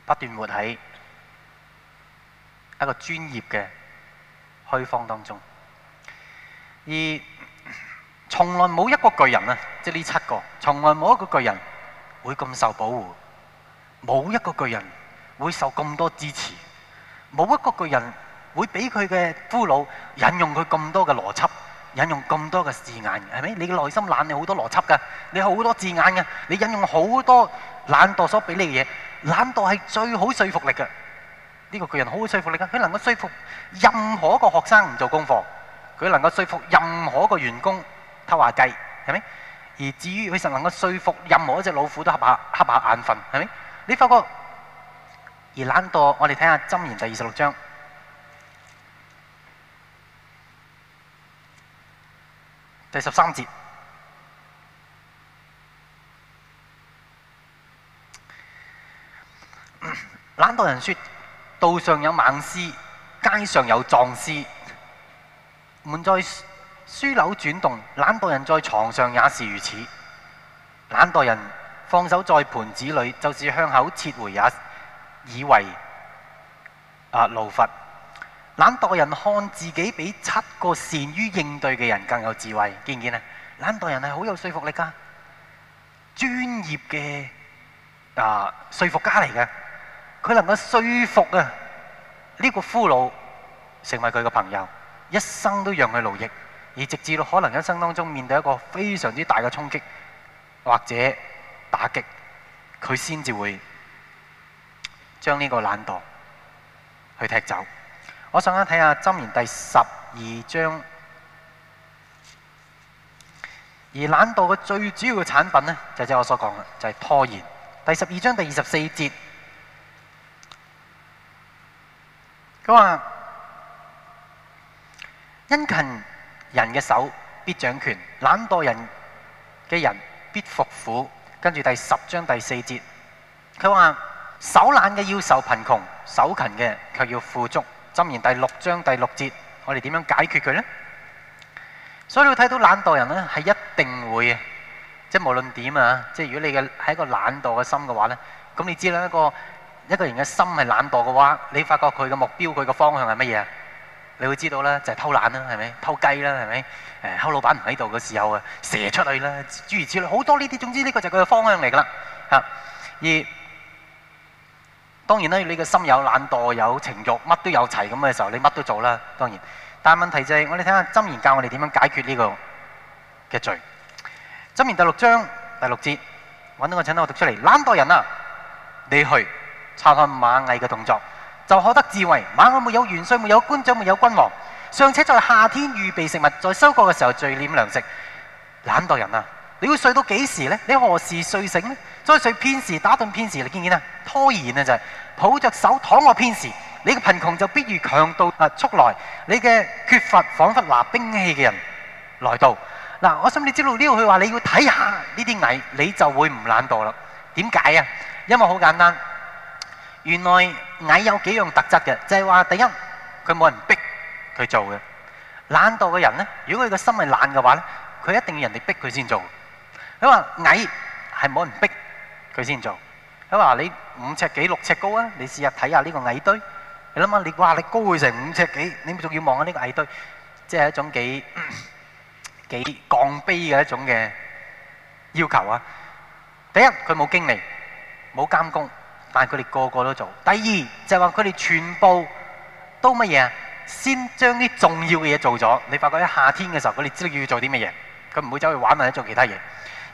不斷活喺一個專業嘅虛謊當中。而從來冇一個巨人啊，即係呢七個，從來冇一個巨人會咁受保護，冇一個巨人會受咁多支持，冇一個巨人會俾佢嘅俘虜引用佢咁多嘅邏輯，引用咁多嘅字眼，係咪？你嘅內心懶你好多邏輯㗎，你好多，多字眼㗎，你引用好多懶惰，惰，惰所俾你嘅嘢，懶惰係最好說服力㗎。呢、這個巨人好有說服力㗎，佢能夠説服任何一個學生唔做功課。佢能夠說服任何一個員工偷下雞，係咪？而至於佢實能夠說服任何一隻老虎都瞌下瞌下眼瞓，係咪？你發覺而懶惰，我哋睇下《箴言》第二十六章第十三節。懶惰人說：道上有猛獅，街上有壯獅。門在樞紐轉動，懶惰人在床上也是如此。懶惰人放手在盤子裏，就是向口撤回也以為啊勞乏。懶惰人看自己比七個善於應對嘅人更有智慧，見唔見啊？懶惰人係好有說服力噶，專業嘅啊說服家嚟嘅，佢能夠說服啊呢個俘虜成為佢嘅朋友。一生都讓佢勞役，而直至到可能一生當中面對一個非常之大嘅衝擊或者打擊，佢先至會將呢個懶惰去踢走。我想翻睇下箴言第十二章，而懶惰嘅最主要嘅產品呢，就即係我所講嘅，就係拖延。第十二章第二十四節，佢話殷勤人嘅手必掌權，懶惰人嘅人必服苦。跟住第十章第四節，佢話，手懶嘅要受貧窮，手勤嘅卻要富足。箴言第六章第六節，我哋點樣解決佢呢？所以你會睇到懶惰人呢係一定會，即係無論點啊，即係如果你嘅係一個懶惰嘅心嘅話呢，咁你知啦，一個一個人嘅心係懶惰嘅話，你發覺佢嘅目標，佢嘅方向係乜嘢？你會知道啦，就係、是、偷懶啦，係咪偷雞啦，係咪？誒，偷老闆唔喺度嘅時候啊，射出去啦，諸如此類，好多呢啲。總之呢個就係佢嘅方向嚟噶啦。嚇，而當然啦，你嘅心有懶惰，有情慾，乜都有齊咁嘅時候，你乜都做啦。當然，但係問題就係、是，我哋睇下《箴言》教我哋點樣解決呢個嘅罪。《箴言》第六章第六節，揾到個請到我讀出嚟。懶惰人啊，你去查看螞蟻嘅動作。就可得智慧，螞蟻冇有元帥，冇有官長，冇有君王。尚且在夏天預備食物，在收割嘅時候聚斂糧食，懶惰人啊！你要睡到幾時呢？你何時睡醒呢？再睡片時，打盹片時你見唔見啊！拖延呢、啊，就係、是、抱着手躺臥片時，你嘅貧窮就必如強盜啊速來，你嘅缺乏彷彿拿兵器嘅人來到。嗱、啊，我想你知道呢，佢話你要睇下呢啲蟻，你就會唔懶惰啦。點解啊？因為好簡單。原來矮有幾樣特質嘅，就係話第一，佢冇人逼佢做嘅。懶惰嘅人咧，如果佢個心係懶嘅話咧，佢一定要人哋逼佢先做。佢話矮係冇人逼佢先做。佢話你五尺幾六尺高啊？你試下睇下呢個矮堆。你諗下你哇，你高佢成五尺幾，你咪你仲要望下呢個矮堆，即係一種幾幾降卑嘅一種嘅要求啊。第一，佢冇經歷，冇監工。但佢哋個個都做。第二就係話佢哋全部都乜嘢啊？先將啲重要嘅嘢做咗。你發覺喺夏天嘅時候，佢哋知道要做啲乜嘢？佢唔會走去玩或者做其他嘢。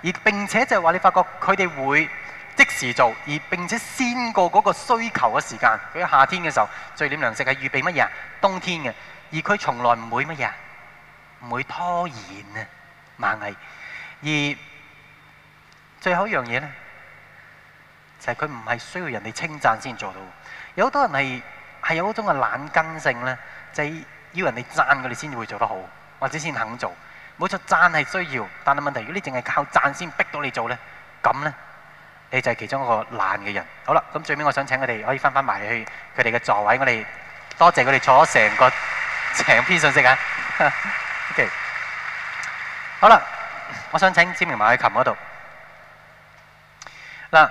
而並且就係話，你發覺佢哋會即時做。而並且先過嗰個需求嘅時間。佢喺夏天嘅時候，最點糧食係預備乜嘢啊？冬天嘅。而佢從來唔會乜嘢，唔會拖延啊，螞蟻。而最後一樣嘢咧。就係佢唔係需要人哋稱讚先做到，有好多人係係有一種嘅懶根性咧，就係、是、要人哋讚佢哋先至會做得好，或者先肯做。冇錯，讚係需要，但係問題是如果你淨係靠讚先逼到你做咧，咁咧你就係其中一個懶嘅人。好啦，咁最尾我想請佢哋可以翻返埋去佢哋嘅座位，我哋多謝佢哋坐咗成個成篇信息啊。 <laughs> OK，好啦，我想請簽名埋去琴嗰度嗱。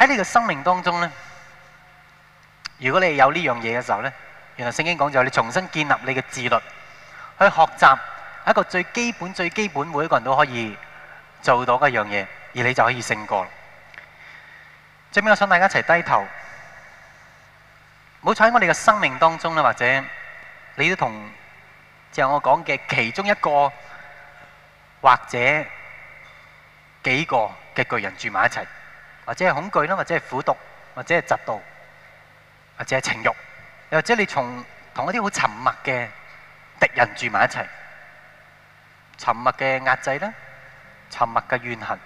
喺你嘅生命當中咧，如果你有呢樣嘢嘅時候咧，原來聖經講就，你重新建立你嘅自律，去學習一個最基本最基本每一個人都可以做到嘅一樣嘢，而你就可以勝過啦。最尾我想大家一齊低頭，唔好彩喺我哋嘅生命當中咧，或者你都同就係我講嘅其中一個或者幾個嘅巨人住埋一齊。或者係恐懼啦，或者係苦毒，或者係嫉妒，或者係情慾，又或者你從同一啲好沉默嘅敵人住埋一齊，沉默嘅壓制啦，沉默嘅怨恨，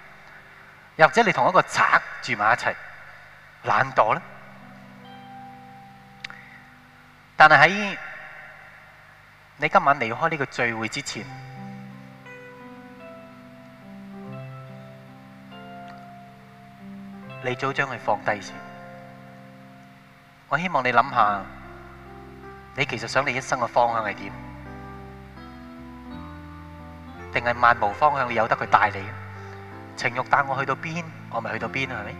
又或者你同一個賊住埋一齊，懶惰啦。但係喺你今晚離開呢個聚會之前。你早將佢放低先。我希望你諗下，你其實想你一生嘅方向係點？定係漫無方向？你由得佢帶你？情慾帶我去到邊，我咪去到邊啊？係咪？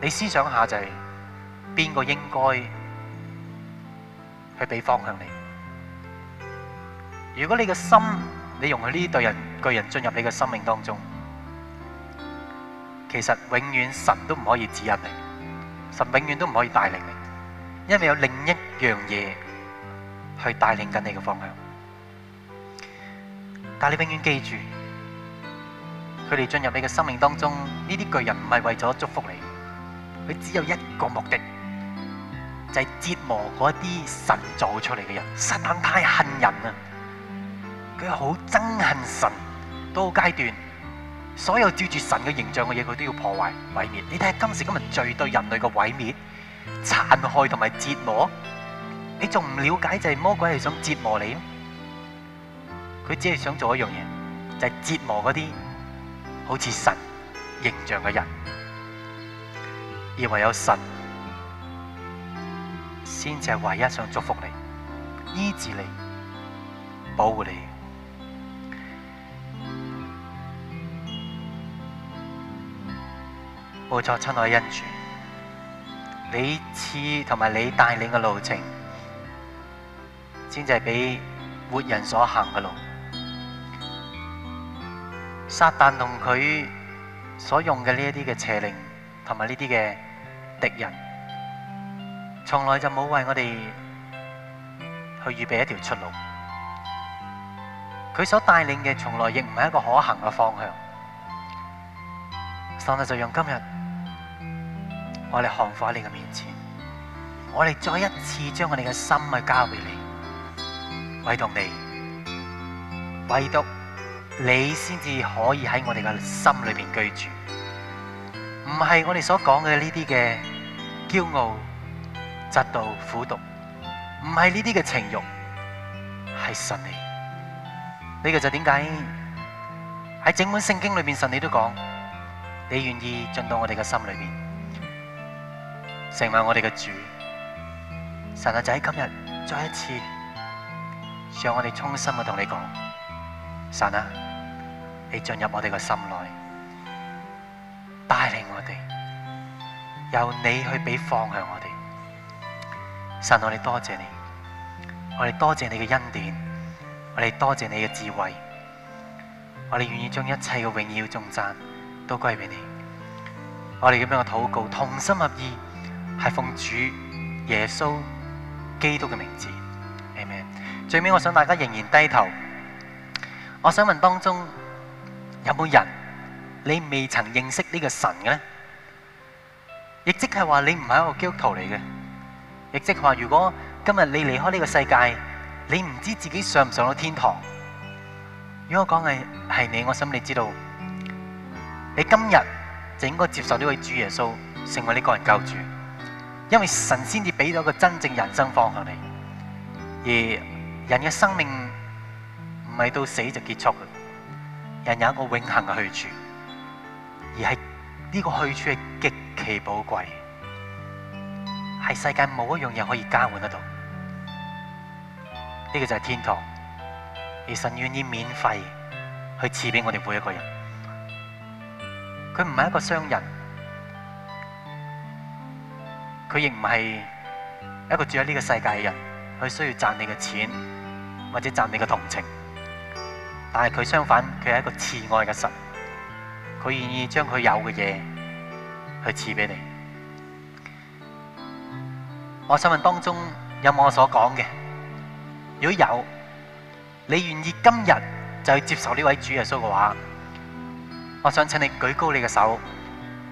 你思想下就係邊個應該去俾方向你？如果你嘅心，你容許呢對人巨人進入你嘅生命當中，其實永遠神都唔可以指引你，神永遠都唔可以帶領你，因為有另一樣嘢去帶領緊你嘅方向。但係你永遠記住，佢哋進入你嘅生命當中，呢啲巨人唔係為咗祝福你，佢只有一個目的，就係折磨嗰啲神造出嚟嘅人。實在太恨人啊！佢係好憎恨神到階段，所有照住神嘅形象，嘅嘢，佢都要破壞毀滅。你睇下今時今日罪對人類嘅毀滅、殘害同埋折磨，你仲唔了解就係魔鬼係想折磨你？佢只係想做一樣嘢，就係折磨嗰啲好似神形象嘅人，而唯有神先至係唯一想祝福你、醫治你、保護你。冇錯，親愛恩主，你似同埋你帶領嘅路程，先至係俾活人所行嘅路。撒但同佢所用嘅呢一啲嘅邪靈，同埋呢啲嘅敵人，從來就冇為我哋去預備一條出路。佢所帶領嘅，從來亦唔係一個可行嘅方向。神啊，就用今日。我哋降服喺你嘅面前，我哋再一次將我哋嘅心去交俾你，唯獨你，唯獨你先至可以喺我哋嘅心裏邊居住，唔係我哋所講嘅呢啲嘅驕傲、嫉妒、苦毒，唔係呢啲嘅情欲，係神你。呢、這個就點解？喺整本聖經裏邊，神你都講，你願意進到我哋嘅心裏邊。成晚我哋嘅主，神啊，就喺今日再一次向我哋衷心嘅同你講，神啊，你進入我哋嘅心內，帶領我哋，由你去俾方向我哋。神啊，我哋多謝你，我哋多謝你嘅恩典，我哋多謝你嘅智慧，我哋願意將一切嘅榮耀頌讚都歸俾你。我哋咁樣嘅禱告，同心合意。係奉主耶穌基督嘅名字阿們。最尾我想大家仍然低頭。我想問當中有冇人你未曾認識呢個神嘅咧？亦即係話你唔係一個基督徒嚟嘅，亦即係話如果今日你離開呢個世界，你唔知自己上唔上到天堂。如果講係係你，我心裏知道，你今日就應該接受呢位主耶穌成為呢個人救主。因為神先至俾到個真正人生方向你，而人嘅生命唔係到死就結束嘅，人有一個永恆嘅去處，而係呢個去處係極其寶貴，係世界冇一樣嘢可以交換得到，呢個就係天堂，而神願意免費去賜俾我哋每一個人，佢唔係一個商人。佢亦唔係一個住喺呢個世界嘅人，佢需要賺你嘅錢或者賺你嘅同情，但係佢相反，佢係一個慈愛嘅神，佢願意將佢有嘅嘢去賜俾你。我想問當中有冇我所講嘅？如果有，你願意今日就去接受呢位主耶穌嘅話，我想請你舉高你嘅手，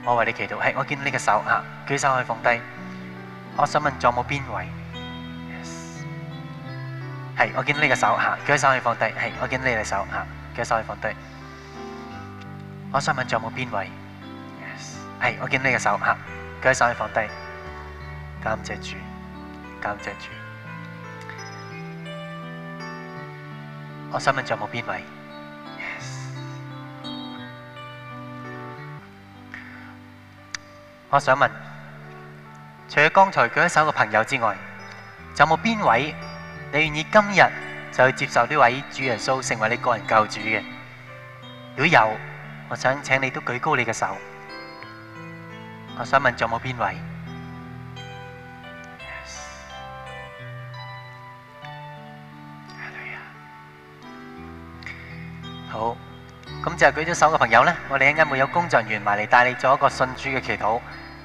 我為你祈禱。係，我見到你嘅手啊，舉手可以放低。我想問仲有冇邊位？係，我見到你隻手吓，舉起手可以放低。係，我見到你隻手吓，舉起手可以放低。我想問仲有冇邊位？係，我見到你隻手吓，舉起手可以放低。感謝主，感謝主。我想問仲有冇邊位？我想問。除咗剛才舉咗手嘅朋友之外，仲有冇邊位你願意今日就去接受呢位主耶穌成為你個人救主嘅？如果有，我想請你都舉高你嘅手。我想問仲有冇邊位？Yes。好，咁就舉咗手嘅朋友咧，我哋一陣會有工作人員埋嚟帶你做一個信主嘅祈禱。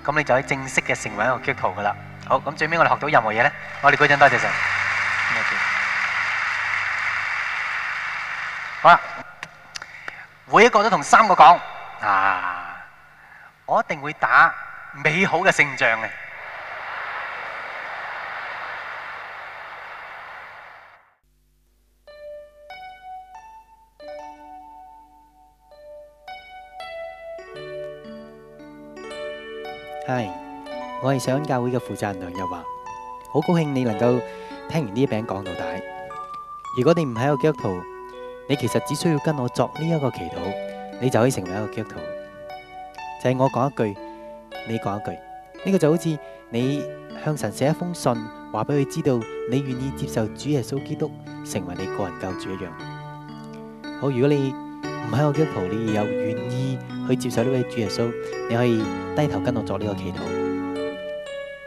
咁你就可以正式嘅成為一個基督徒噶啦。好，咁最尾我哋學到任何嘢咧？我哋嗰陣多謝曬。好啦，每一個都同三個講啊，我一定會打美好嘅勝仗嘅。我係上恩教會嘅負責人梁日華，好高興你能夠聽完呢一篇講道。如果你唔係一個基督徒，你其實只需要跟我作呢一個祈禱，你就可以成為一個基督徒。就係我講一句，你講一句，呢個就好似你向神寫一封信，話俾佢知道你願意接受主耶穌基督成為你個人救主一樣。好，如果你唔係一個基督徒，而又願意去接受呢位主耶穌，你可以低頭跟我作呢個祈禱。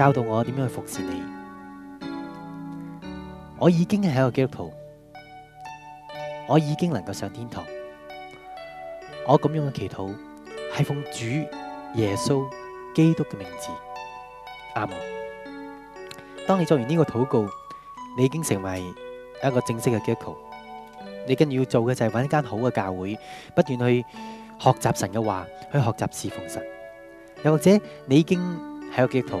教導我點樣去服侍你，我已經係一個基督徒，我已經能夠上天堂。我咁樣嘅祈禱係奉主耶穌基督嘅名字，阿門。當你做完呢個禱告，你已經成為一個正式嘅基督徒。你跟住要做嘅就係揾一間好嘅教會，不斷去學習神嘅話，去學習侍奉神。又或者你已經係一個基督徒。